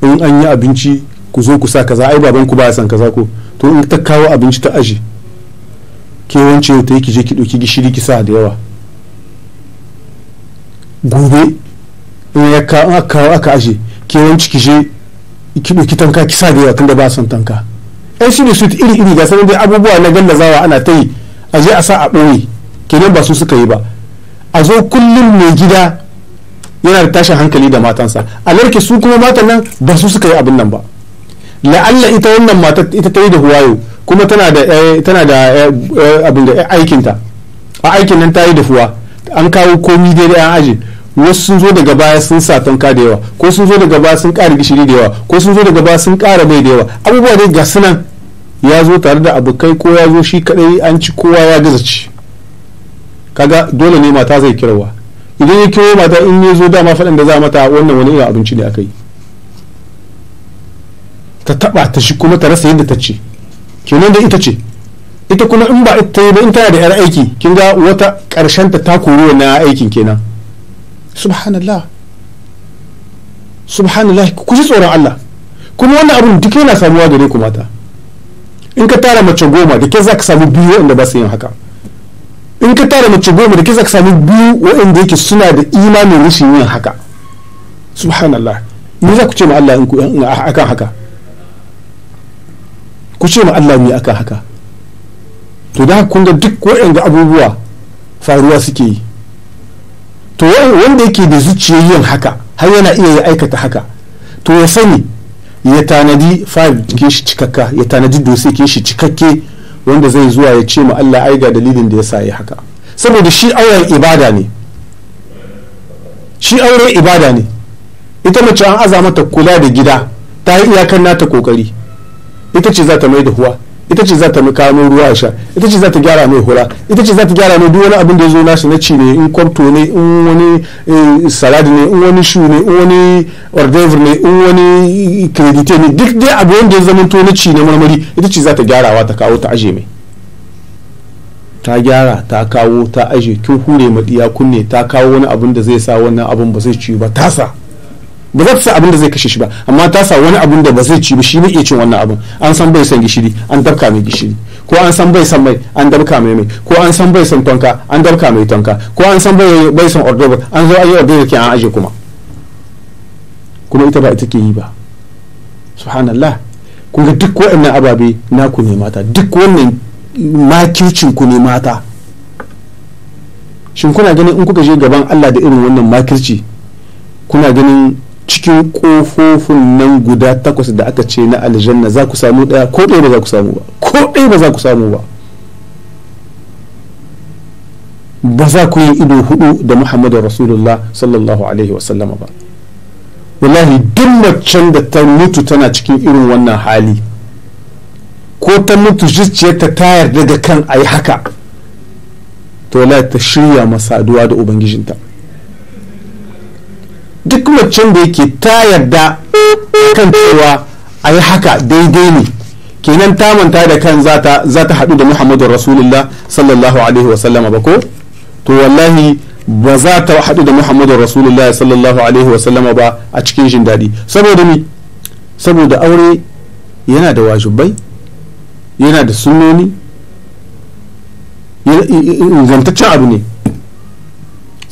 in an yi abinci ku zo ku sa kaza ai baban ku ba san kaza ko to in ta kawo abinci ta aji ke wance ta yi ki je ki ɗauki gishiri ki sa da yawa gobe in ya kawo aka aji ke wance ki je ki ɗauki tanka ki sa da yawa tunda ba san tanka ai shi ne su iri iri ga sanin dai abubuwa na gallazawa ana ta yi a je a sa a ɓoye kenan ba su suka yi ba a zo kullum mai gida yana da tashin hankali da matansa a larke su kuma matan nan ba su suka yi abin nan ba la'alla ita wannan matar ita ta yi da huwayo kuma tana da eh, tana da eh, eh, abin da aikinta a aikin nan ta yi da huwa an kawo komi dai an aji wasu sun zo daga baya sun sa tanka da yawa ko sun zo daga baya sun ƙara gishiri da yawa ko sun zo daga baya sun ƙara mai da yawa abubuwa dai ga sunan ya zo tare da abokai ko ya zo shi kadai an ci kowa ya gaza ci kaga dole ne mata zai kirawa idan ya kiro mata in ya zo dama faɗin da za mata wannan wani irin abinci ne aka yi ta taɓa ta shi kuma ta rasa yadda ta ce kenan da ita ce ita kuma in ba ita ba in tana da yar aiki kin ga wata ƙarshen ta ta kori na aikin kenan subhanallah subhanallah ku ji tsoron Allah kuma wannan abun duk yana samuwa gare ku mata in ka tara mace goma da ke za ka samu biyu wanda ba su yin haka in ka tara mace goma da kisa ka sami biyu waɗanda yake suna da imanin rashin yin haka subhanallah me za ku ce ma Allah in ku eh, akan haka ku ce ma Allah ne akan haka to da kun ga duk waɗanda abubuwa faruwa suke yi to wanda yake da zuciya yin haka har yana iya ya aikata haka to ya sani ya tanadi fayil cikin shi cikakka ya tanadi dosai ke shi cikakke wanda zai zuwa ya ce ma Allah ai ga dalilin da ya sa haka saboda shi auren ibada ne shi aure ibada ne ita mace an aza mata kula da gida ta yi iyakar nata kokari ita ce za ta mai da huwa ita ce za ta kano ruwa sha ita ce za ta gyara mai hura ita ce za ta gyara mai duk wani abin da ya zo nasu na ci ne in kwamto ne in wani eh, salad ne in wani shu ne in wani ordevre ne in wani kredite ne duk dai abu wanda ya zama to na ci na marmari ita ce za ta gyarawa ta kawo ta aje mai ta gyara ta kawo ta aje kin hure maɗiya kunne ta kawo wani abin da zai sa wannan abin ba zai ci ba tasa. sa ba za ta sa abin da zai kashe shi ba amma ta sa wani abin da ba zai ci ba shi ne iya cin wannan abin an san bai son gishiri an dabka mai gishiri ko an san bai san mai an dabka mai mai ko an san bai san tonka an dabka mai tonka ko an san bai san ordobar an zo an yi ordobar ke an aje kuma kuma ita ba ita ke yi ba subhanallah kun ga duk waɗannan ababe naku ne mata duk wannan makircin ku ne mata shin kuna ganin in kuka je gaban Allah da irin wannan makirci kuna ganin cikin kofofin nan guda takwas da aka ce na aljanna za ku samu ɗaya ko ɗaya ba za ku samu ba ko ɗaya ba za ku samu ba ba za ku yi ido hudu da muhammadu rasulullah sallallahu alaihi wasallama ba wallahi duk macen da ta mutu tana cikin irin wannan hali ko ta mutu zuciyarta ta tayar daga kan a yi haka to wallahi ta shirya masaduwa da ubangijinta duk macen da yake ta yarda kan cewa a yi haka daidai ne kenan ta manta da kan za ta haɗu da muhammadu rasulullah sallallahu alaihi wasallama ba ko to wallahi ba za ta haɗu da muhammadu rasulullah sallallahu alaihi wasallama ba a cikin jin daɗi saboda ni saboda aure yana da wajibai yana da sunnoni ingantaccen abu ne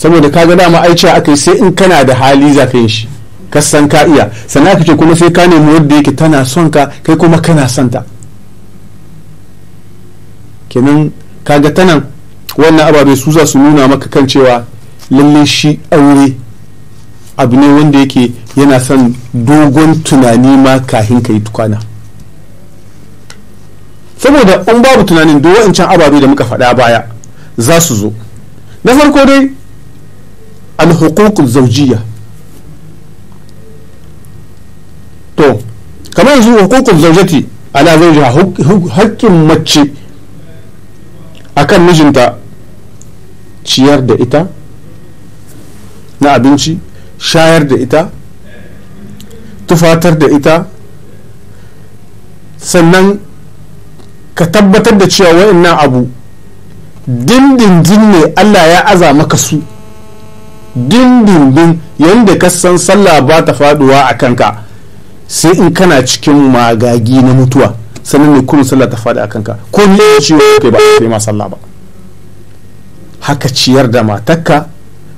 saboda kaga dama ai cewa aka yi sai in kana da hali zafin shi ka san ka iya sannan aka ce kuma sai ka nemi wanda yake tana son ka kai kuma kana son ta kenan kaga tana wannan ababe su za su nuna maka kan cewa lallai shi aure abu ne wanda yake yana son dogon tunani ma kahin ka yi tukwana saboda in babu tunanin duk wancan ababe da muka faɗa baya za su zo na farko dai alhukukul zaujiya to kamar yanzu hukukul zaujati ala zaujiha haƙƙin mace akan mijinta ciyar da ita na abinci shayar da ita tufatar da ita sannan ka tabbatar da cewa wa'annan abu dindindin ne allah ya aza maka su dindindin yadda ka san sallah ba ta faduwa a kanka sai in kana cikin magagi na mutuwa sannan ne kuma sallah ta fadi a kanka ko ne ce kai ba kai ma sallah ba haka ciyar da matakka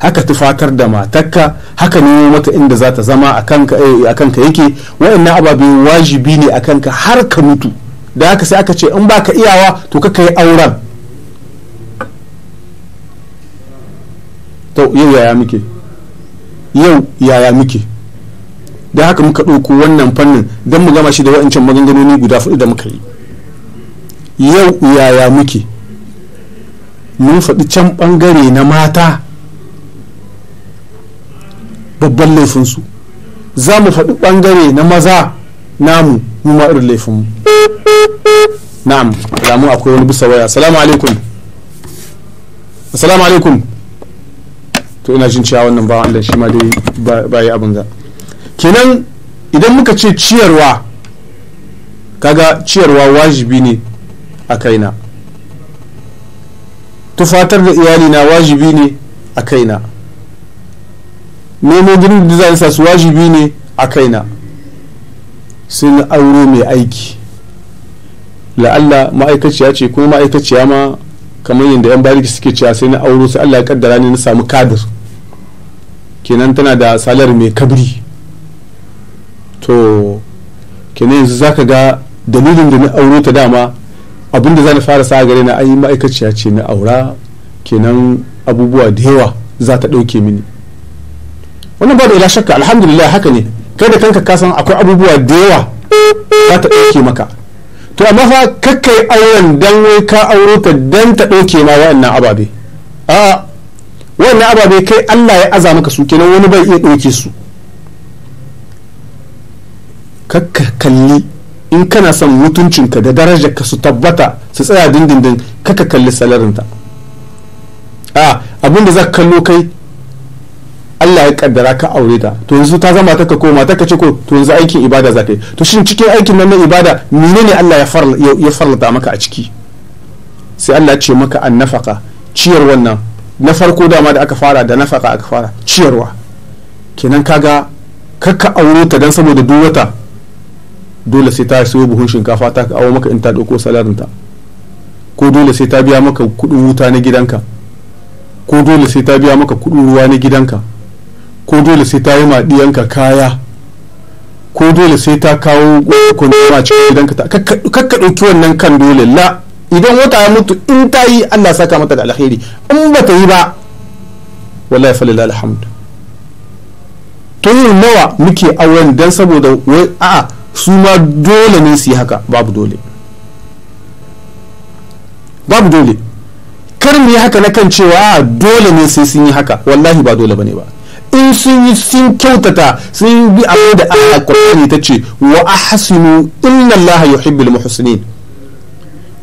haka tufatar da matakka haka nemo mata inda za ta zama eh, a kanka yake waɗannan ababe wajibi ne a kanka har ka mutu da haka sai aka ce in baka iyawa to ka yi auren to yau yaya muke yau yaya muke da haka muka ɗauko wannan fannin don mu gama shi da wa'ancan maganganoni guda fudu da muka yi yau yaya muke mun faɗi can ɓangare na mata babban laifinsu za mu faɗi ɓangare na maza namu mu ma irin laifinmu na'am alamu akwai wani bisa waya assalamu alaikum assalamu alaikum to ina jin cewa wannan ba wanda shi ma dai ba yi abin ga kenan idan muka ce ciyarwa kaga ciyarwa wajibi ne a kaina tufatar da iyali na wajibi ne a kaina nemo gidan da za su wajibi ne a kaina sai auro mai aiki la'alla ma'aikaciya ce ko ma'aikaciya ma kamar yadda yan bariki suke cewa sai na auro sai Allah ya kaddara ni na samu kadir kenan tana da salar mai kabri to kenan yanzu zaka ga dalilin da na auro ta dama abinda zan fara sa gare na ayi ma'aikaciya ce na aura kenan abubuwa da yawa za ta dauke mini wannan ba da ila shakka alhamdulillah haka ne kai da kanka ka san akwai abubuwa da yawa za ta dauke maka to amma fa kakkai auren dan wai ka auro ta dan ta ɗauke ma wa'annan ababe a wannan ababe kai Allah ya aza maka su kenan wani bai iya ɗauke su kakka kalli in kana son mutuncinka da ka su tabbata su tsaya dindindin kaka kalli salarinta a abinda za ka kallo kai Allah ya kaddara ka aure ta to yanzu ta zama ta ko ta ce ko to yanzu aikin ibada za ka yi to shin cikin aikin nan na ibada menene Allah ya ya farlata maka a ciki sai Allah ce maka an nafaka ciyar wannan na farko dama da aka fara da nafaka aka fara ciyarwa kenan kaga kakka aure ta dan saboda duk wata dole sai ta sayo buhun shinkafa ta awo maka in ta dauko salarinta ko dole sai ta biya maka kudin wuta na gidanka ko dole sai ta biya maka kudin ruwa na gidanka ko dole sai ta yi maɗiyanka kaya ko dole sai ta kawo a cikin gidanka ta kakka ɗauki wannan kan dole la idan wata ya mutu in ta yi allah saka mata da alheri in ba ta yi ba wallahi falila alhamdu tun nawa muke wani dan saboda wai a'a su ma dole ne su yi haka babu dole babu dole kar mu yi haka na kan cewa dole ne sai sun yi haka wallahi ba dole ba ne ba in sun yi sun kyautata sun bi abin da a qur'ani ta ce wa a in inna ya hibbil muhsinin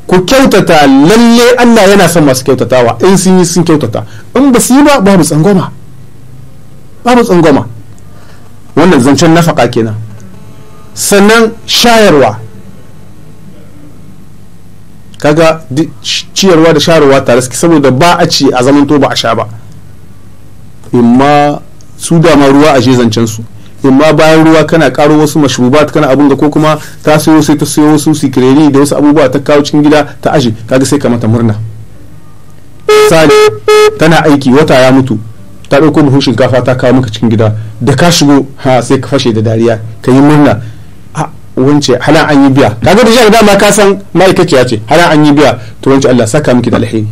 ku kyautata lalle Allah yana son masu kyautatawa in sun yi sun kyautata in ba su yi ba babu tsangoma babu tsangoma wannan zancen nafaka kenan sannan shayarwa kaga ciyarwa da shayarwa tare saboda ba a ci a zamanto ba a sha ba imma su dama ruwa a zancen su ma bayan ruwa kana karo wasu mashrubat kana abun da ko kuma ta sayo sai ta sayo wasu sikireri da wasu abubuwa ta kawo cikin gida ta aje kaga sai ka mata murna sani tana aiki wata ya mutu ta ɗauko buhun shinkafa ta kawo maka cikin gida da ka shigo ha sai ka fashe da dariya ka yi murna a wance halan an yi biya kaga da dama ka san ma'aikaciya ce halan an yi biya to wance Allah saka miki da alheri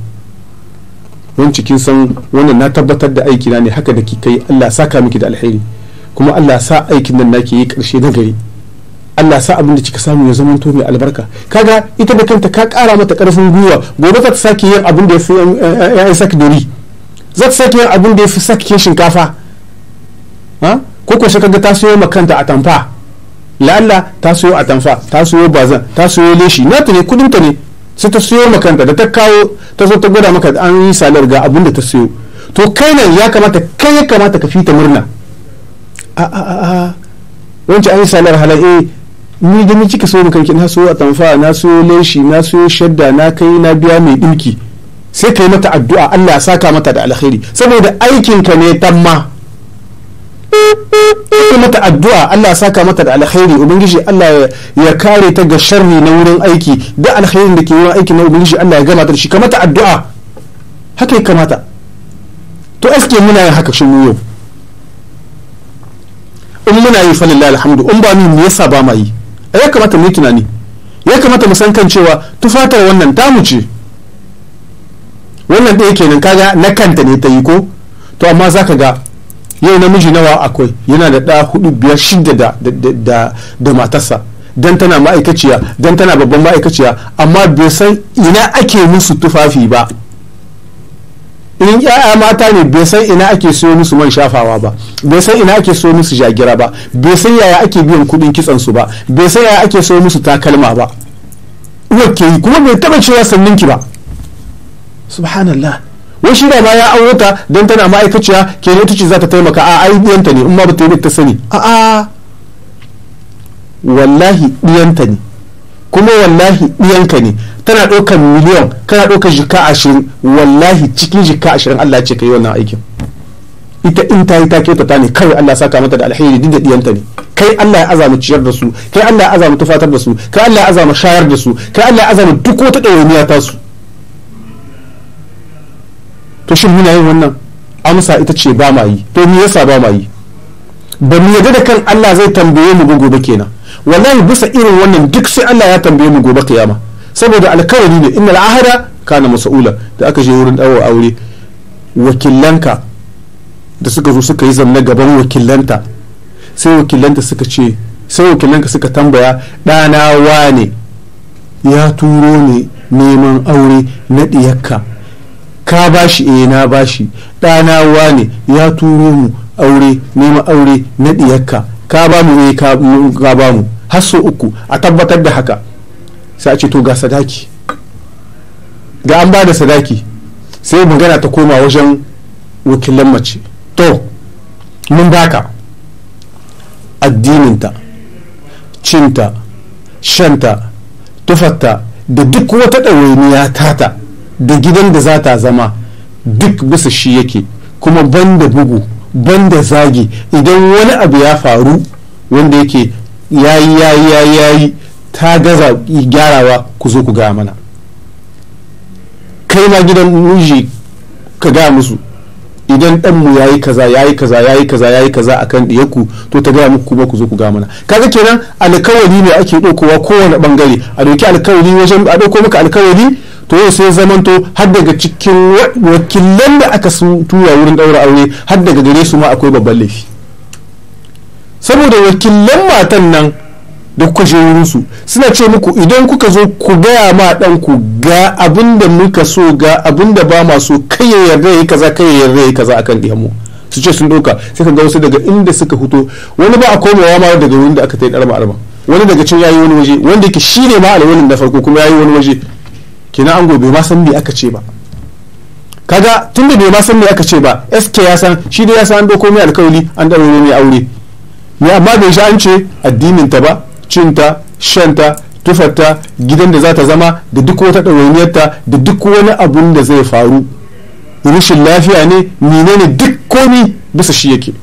wanci cikin san wannan na tabbatar da aiki na ne haka da kika yi Allah saka miki da alheri kuma Allah sa aikin nan nake yi karshe na gari Allah sa abin da kika samu ya zama to mai albarka kaga ita da kanta ka kara mata karfin gwiwa gobe za ta sake yin abin da ya fi ya saki dori za ta sake yin abin da ya fi ke shinkafa ha ko ko sai kaga ta soyo makanta a tamfa la'alla ta soyo a tamfa ta soyo bazan ta soyo leshi na ta ne kudin ta ne sai ta siyo makanta da ta kawo ta zo ta gwada maka an yi salar ga abin da ta siyo to kai nan ya kamata kai ya kamata ka fita murna a a a wancan an yi salar halaye eh, ni da ni kika so makanki na so atamfa na siyo leshi na siyo shadda na kai na biya mai dinki sai kai mata addu'a Allah ya saka mata da alkhairi saboda aikinka ne tamma ake mata addu'a Allah saka mata da alkhairi ubangiji Allah ya kare ta ga sharri na wurin aiki da alkhairin da ke wurin aiki na ubangiji Allah ya gama ta shi kamata addu'a haka ya kamata to aske muna yin haka shin yau in muna yi falillahi alhamdu in ba mu yasa ba ma yi ya kamata mu yi tunani ya kamata mu san kan cewa tufatar wannan tamu ce wannan da yake nan kaga na kanta ne ta yi ko to amma zaka ga yau namiji nawa akwai yana da ɗa hudu biyar shida da da matarsa don tana ma'aikaciya don tana babban ma'aikaciya amma bai san ina ake musu tufafi ba in ya'ya mata ne bai san ina ake so musu man shafawa ba bai san ina ake so musu jagira ba bai san yaya ake biyan kudin kitsan su ba bai san yaya ake so musu takalma ba uwar yi kuma bai taba cewa sannin ki ba subhanallah wai shi da ma ya an wuta don tana ma'aikaciya ke ne tuci za ta taimaka a ai diyanta ne in ma bata ta yi ta sani a a wallahi diyanta ne kuma wallahi diyanka ne tana ɗaukar miliyon kana ɗaukar jika ashirin wallahi cikin jika ashirin Allah ce ka yi wannan aikin ita in ta yi ta ta ne kawai Allah saka mata da alheri duk da diyanta ne kai Allah ya azama ciyar da su kai Allah ya azama tufatar da su kai Allah ya azama shayar da su kai Allah ya azama duk wata ɗawainiya ta su to shin muna yin wannan amsa ita ce ba ma yi to me yasa ba ma yi ba mu yarda da kan Allah zai tambaye mu gobe kenan wallahi bisa irin wannan duk sai Allah ya tambaye mu gobe kiyama saboda alkawari ne innal ahada kana masa'ula da aka je wurin dawo aure wakilanka da suka zo suka yi zanna gaban wakilanta sai wakilanta suka ce sai wakilanka suka tambaya ɗanawa wane ya turo ne neman aure na diyakka ka bashi e na bashi ɗana ne ya turo mu aure nema aure na ɗiyarka ka ba mu eh, ka ba mu har so uku a tabbatar da haka sai a ce to ga sadaki ga an ba da sadaki sai magana ta koma wajen wakilan mace to mun baka addininta cinta shanta tufatta da duk wata ɗawainiya tata da gidan da za ta zama duk bisa shi yake kuma banda bugu banda zagi idan wani abu ya faru wanda yake yayi yayi yayi yayi ta gaza gyarawa ku zo ku gaya mana kai ma gidan miji ka gaya musu idan ɗanmu ya yi kaza ya yi kaza ya yi kaza ya yi kaza akan ɗiyarku to ta gaya muku kuma ku zo ku ga mana kaga kenan alkawari ne ake ɗaukowa kowane ɓangare a ɗauki alkawari wajen a ɗauko maka alkawari to sai zamanto har daga cikin wakilan da aka tura wurin daura aure har daga gare su ma akwai babban laifi saboda wakilan matan nan da kuka je wurin su suna ce muku idan kuka zo ku gaya ma dan ku ga abin da muka so ga abin da ba maso kai ya yarda ya kaza kai ya yarda ya kaza akan diyanmu su ce sun doka sai ka ga wasu daga inda suka fito wani ba a komawa ma daga wurin da aka ta yi arba wani daga cin yayi wani waje wanda yake shine ma alwalin da farko kuma yayi wani waje kenan ango bai ma san me aka ce ba kaga tunda bai ma san me aka ce ba sk ya san shi dai ya san an doko mai alkawali an ɗaure mai aure ne amma bai sha an ce addinin ta ba cinta shanta tufarta gidan da za ta zama da duk wata ɗawainiyarta da duk wani abun da zai faru rashin lafiya ne ne duk komi bisa shi yake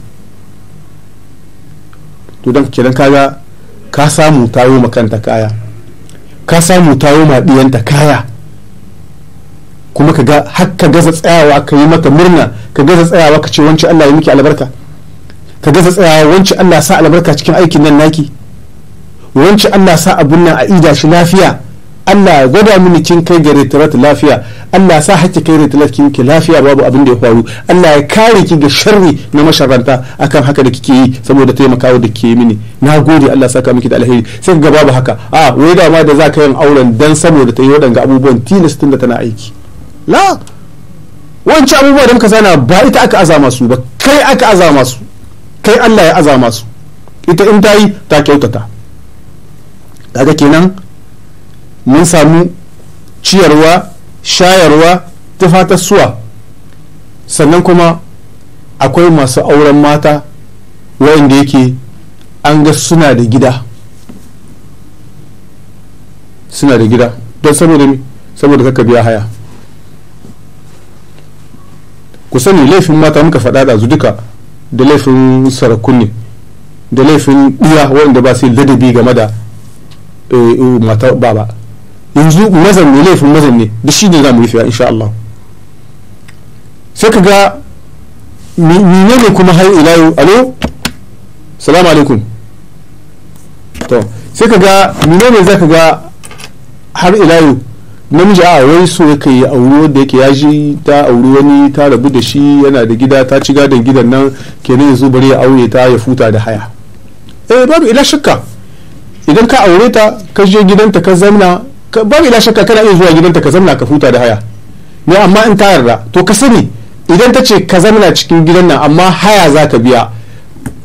to don kenan kaga ka samu tayo ma kaya ka samu tayo ma diyanta kaya kuma ka ga har ka gaza tsayawa ka yi maka murna ka gaza tsayawa ka ce wancan Allah ya miki albarka ka gaza tsayawa wancan Allah sa albarka cikin aikin nan naki wancan Allah sa abun nan a ida shi lafiya Allah ya gwada mini kin kai ga retirat lafiya Allah sa hakki kai retirat kin ki lafiya babu abin da ya faru Allah ya kare ki ga sharri na masharanta akan haka da kike yi saboda taimakawa da ke mini na gode Allah saka miki da alheri sai ga babu haka a wai da ma da zaka ka yin auren dan saboda ta yi waɗanga abubuwan tilastin da tana aiki la wancan abubuwa da muka sana ba ita aka azama su ba kai aka azama su kai Allah ya azama su ita in ta yi ta kyautata daga kenan mun samu ciyarwa shayarwa ta suwa sannan kuma akwai masu auren mata wayanda yake an ga suna da gida suna da gida don saboda saboda kaka biya haya ku sani laifin mata muka faɗa da duka da laifin sarakun ne da laifin ɗiya wanda ba su ladabi game da eh, eh, mata baba yanzu mazan ne laifin mazan ne da shi ne za mu yi fiya insha Allah sai ka ga nuna ne kuma har ila yau alo salamu alaikum to sai ka ga nuna ne za ka ga har ila yau namiji a wai so yake yi auri wanda yake ya ji ta auri wani ta rabu da shi yana da gida ta ci gadon gidan nan kenan yanzu bari ya aure ta ya futa da haya eh babu ila shakka idan ka aure ta ka je gidanta ka zamna babu ila shakka kana iya zuwa gidanta ka zauna ka futa da haya ne amma in ta yarda to ka sani idan ta ce ka zauna cikin gidan nan amma haya za ka biya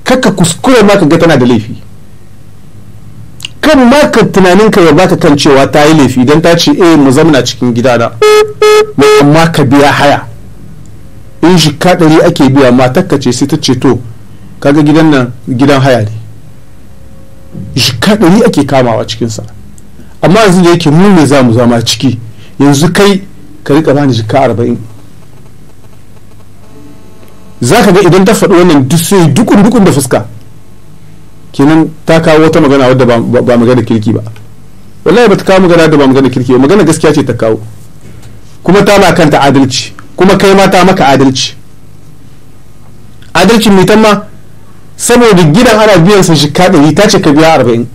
kakka kuskure ma ka ga tana da laifi kan maka tunaninka ya baka kan cewa ta yi laifi don ta ce eh mu zamana cikin gidana amma ka biya haya in shi ɗari ake biya ka ce sai ta ce to kaga gidan nan gidan haya ne shi ɗari ake kamawa cikinsa amma yanzu da yake mu ne za mu zama ciki yanzu kai ka rika bani jika arba'in za ka ga idan ta faɗi wannan duk sai dukun da fuska kenan ta kawo wata magana wadda ba magana kirki ba wallahi ba ta kawo magana da ba magana kirki ba magana gaskiya ce ta kawo kuma ta kanta adalci kuma kai ma ta maka adalci adalcin mai ma saboda gidan ana biyan sa shika ɗari ta ce ka biya arba'in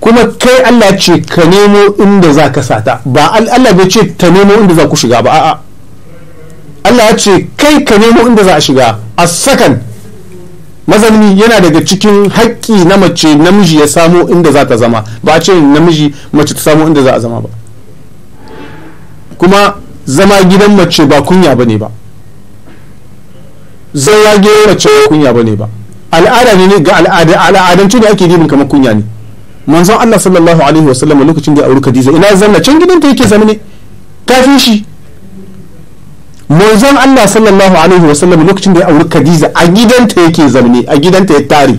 kuma kai Allah ce ka nemo inda za ka sata ba Allah bai ce ta nemo inda za ku shiga ba a'a Allah ya ce kai ka nemo inda za a shiga a sakan mazalmi yana daga cikin haƙƙi na mace namiji ya samo inda za ta zama ba ce namiji mace ta samo inda za a zama ba kuma zama gidan mace ba kunya ba ne ba zama gidan mace ba kunya ba ne ba al'ada ne ga al'adanci da ake dibin kamar kunya ne manzon Allah sallallahu alaihi wasallam lokacin da ya auri Khadija ina zanna can ta yake zama ne kafin shi manzon Allah sallallahu alaihi wasallam lokacin da ya auri Khadija a gidanta yake zaune a gidanta ya tare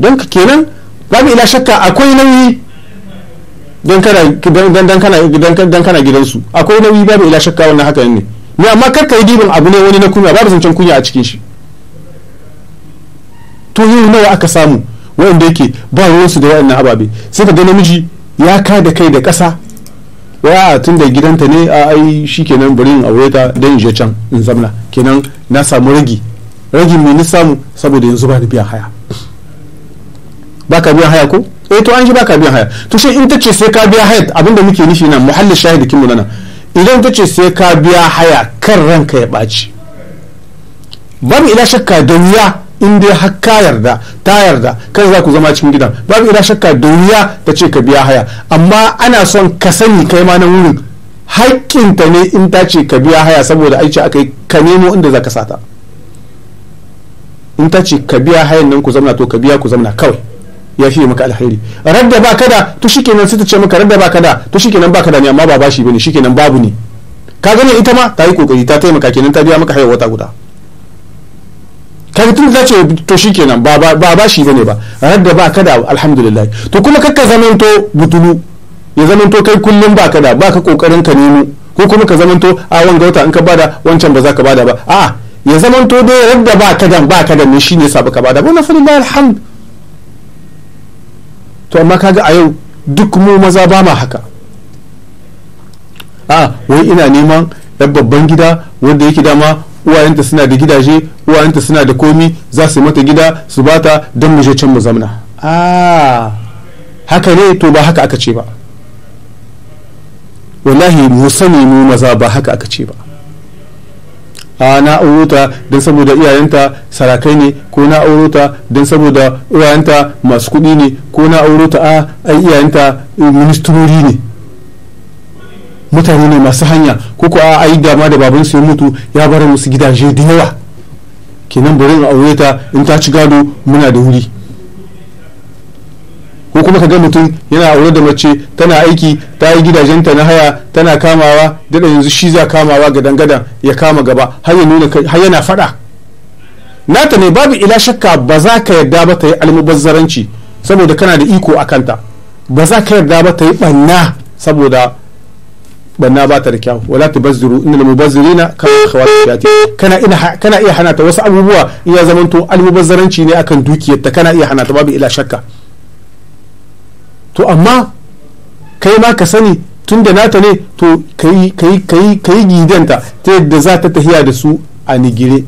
don ka kenan babu ila shakka akwai nauyi don kana gidansu akwai nauyi babu ila shakka wannan haka ne ne amma karka yi dibin abu ne wani na kunya babu zancen kunya a cikin shi to yau nawa aka samu wanda yake ba ruwansu da waɗannan ababe sai ka ga namiji ya ka da kai da ƙasa wa ah, tun da gidanta ne a ah, ai kenan bari in aure ta dan je can in zamna kenan na samu ragi ragi mai ni samu saboda yanzu ba ni biyan haya baka biyan haya ko eh to an ji baka biyan haya to shi in tace sai ka biya haya abinda muke nishi nan muhalli shahidi kin munana idan tace sai ka biya haya kan ranka ya baci babu ila shakka da wuya in dai har ka yarda ta yarda kai za ku zama cikin gidan babu ina shakka da wuya ta ce ka biya haya amma ana son ka sani kai ma nan wurin haƙƙinta ne in ta ce ka biya haya saboda ai ce aka yi ka nemo inda za ka sata in ta ce ka biya hayan nan ku zamna to ka biya ku zamna kawai ya fiye maka alheri radda ba kada to shikenan sai ta ce maka radda ba kada to shikenan ba kada ne amma ba bashi bane shikenan babu ne ka gane ita ma ta yi kokari ta taimaka kenan ta biya maka haya wata guda kaga tun ka ce to shikenan ba ba ba shi bane ba har da ba ka da alhamdulillah to kuma kakka zamanto butulu ya zamanto kai kullum ba ka da ba ka kokarin ka nemo ko kuma ka zamanto a wanga wata in ka bada wancan ba za ka bada ba a ya zamanto dai da ba ka da ba ka da ne shine yasa baka bada ba na falillahi alhamd to amma kaga a yau duk mu maza ba ma haka a wai ina neman yan babban gida wanda yake dama uwayenta suna da gidaje uwayenta suna da komi za su mata gida su bata don mu je can mu zamna ah. haka ne to ba haka aka ce ba wallahi mu sani mu maza ba haka aka ce ba a na aurota don saboda iyayenta sarakai ne ko na aurota don saboda uwayenta masu kuɗi ne ko na aurota a ai iyayenta ministrori ne mutane ne masu hanya ko ko a yi dama da baban su mutu ya bar musu gidaje da yawa kenan bari in aure ta in ta ci gado muna da wuri ko kuma ka ga mutum yana aure da mace tana aiki ta yi gidajenta na haya tana kamawa daɗa yanzu shi za kamawa gadan gadan ya kama gaba har ya nuna har yana faɗa. nata ne babu ila shakka ba za ka yarda ba ta yi almubazzaranci saboda kana da iko a kanta ba za ka yarda ba ta yi ɓanna saboda banna ba ta da kyau wala ta tubazziru innal mubazzirina kana kawai kana ina kana iya hana ta wasu abubuwa in ya zamanto almubazzaranci ne akan dukiyar ta kana iya hana ta babu ila shakka to amma kai ma ka sani tun da nata ne to kai kai kai kai gidanta ta yadda za ta tahiya da su a nigire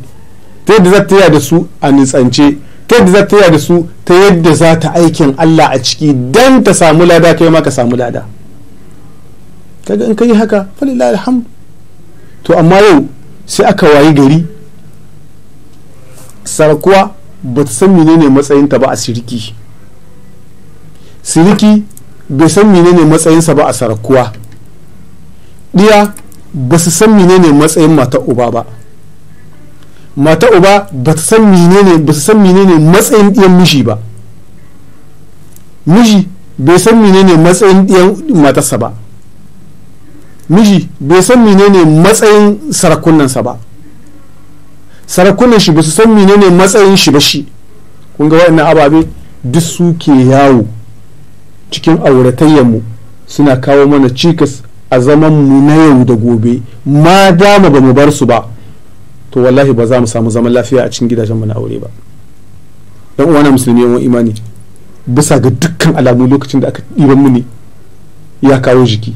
ta yadda za ta tahiya da su a nitsance ta yadda za ta tahiya da su ta yadda za ta aikin Allah a ciki dan ta samu lada kai ma ka samu lada kaga in kai haka falillahi alhamd to amma yau sai aka wayi gari sarakuwa ba ta san menene matsayinta ba a siriki siriki bai san menene matsayinsa ba a sarakuwa ɗiya ba su san menene matsayin mata uba ba mata uba ba ta san menene ba su san menene matsayin ɗiyan mishi ba miji bai san menene matsayin ɗiyan matarsa ba miji bai san menene matsayin sarakunansa ba sarakunan shi ba su san menene matsayin shi ba shi kun ga waɗannan ababe duk su ke yawo cikin auratayyanmu suna kawo mana cikas a zaman mu na yau da gobe ma dama ba mu bar su ba to wallahi ba za mu samu zaman lafiya a cikin gidajen mu na aure ba dan uwa na musulmi yawan imani bisa ga dukkan alamu lokacin da aka ɗiban mini ya kawo jiki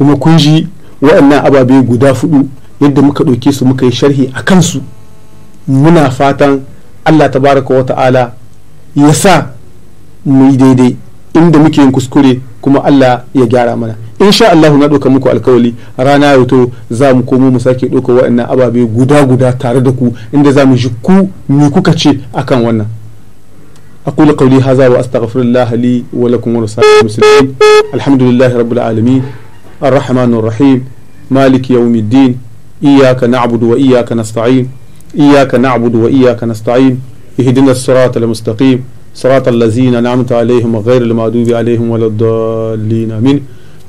kuma kun ji waɗannan ababe guda fudu yadda muka ɗauke su muka yi sharhi a kansu muna fatan allah tabaraka wa ta'ala ya sa mu yi daidai inda muke yin kuskure kuma allah ya gyara mana insha allahu na ɗauka muku alkawali rana ya to za mu komo mu sake ɗauka waɗannan ababe guda guda tare da ku inda za mu ji ku me kuka ce akan wannan أقول قولي هذا وأستغفر الله لي ولكم ولسائر المسلمين الحمد لله رب العالمين الرحمن الرحيم مالك يوم الدين إياك نعبد وإياك نستعين إياك نعبد وإياك نستعين اهدنا الصراط المستقيم صراط الذين نعمت عليهم غير المغضوب عليهم ولا الضالين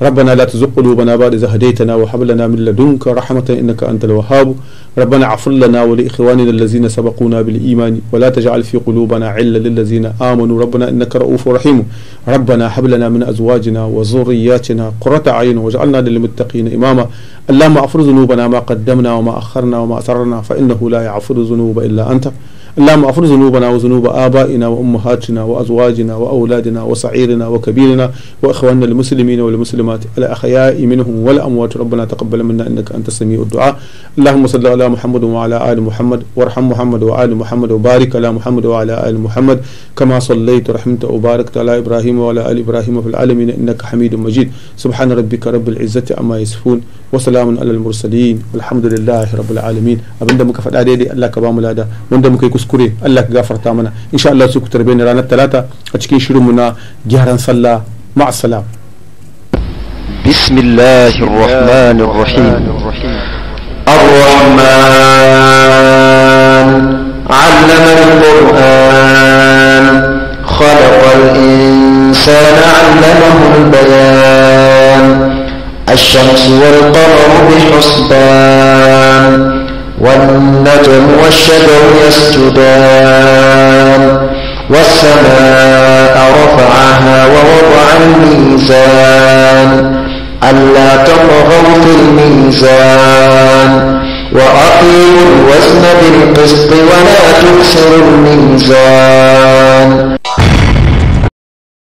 ربنا لا تزغ قلوبنا بعد إذا هديتنا وهب لنا من لدنك رحمة إنك أنت الوهاب ربنا عفو لنا ولإخواننا الذين سبقونا بالإيمان ولا تجعل في قلوبنا علة للذين آمنوا ربنا إنك رؤوف رحيم ربنا هب لنا من أزواجنا وذرياتنا قرة عين واجعلنا للمتقين إماما اللهم اغفر ذنوبنا ما قدمنا وما أخرنا وما أسررنا فإنه لا يعفر الذنوب إلا أنت اللهم اغفر ذنوبنا وذنوب آبائنا وأمهاتنا وأزواجنا وأولادنا وصعيرنا وكبيرنا وإخواننا المسلمين والمسلمات الأحياء منهم والأموات ربنا تقبل منا إنك أنت السميع الدعاء اللهم صل على محمد وعلى آل محمد وارحم محمد ال محمد وبارك على محمد وعلى آل محمد كما صليت ورحمت وباركت على إبراهيم وعلى آل إبراهيم في العالمين إنك حميد مجيد سبحان ربك رب العزة عما يصفون وسلام على المرسلين والحمد لله رب العالمين ابن دمك فدا دي الله كبا ملادا من دمك كسكري الله كغفر تامنا ان شاء الله سوك تربين رانا الثلاثة اتشكي شروع منا جهران صلى مع السلام بسم الله الرحمن الرحيم الرحمن علم القرآن خلق الإنسان علمه البيان والشمس والقمر بحسبان والنجم والشجر يسجدان والسماء رفعها ووضع الميزان ألا تطغوا في الميزان وأقيموا الوزن بالقسط ولا تكسروا الميزان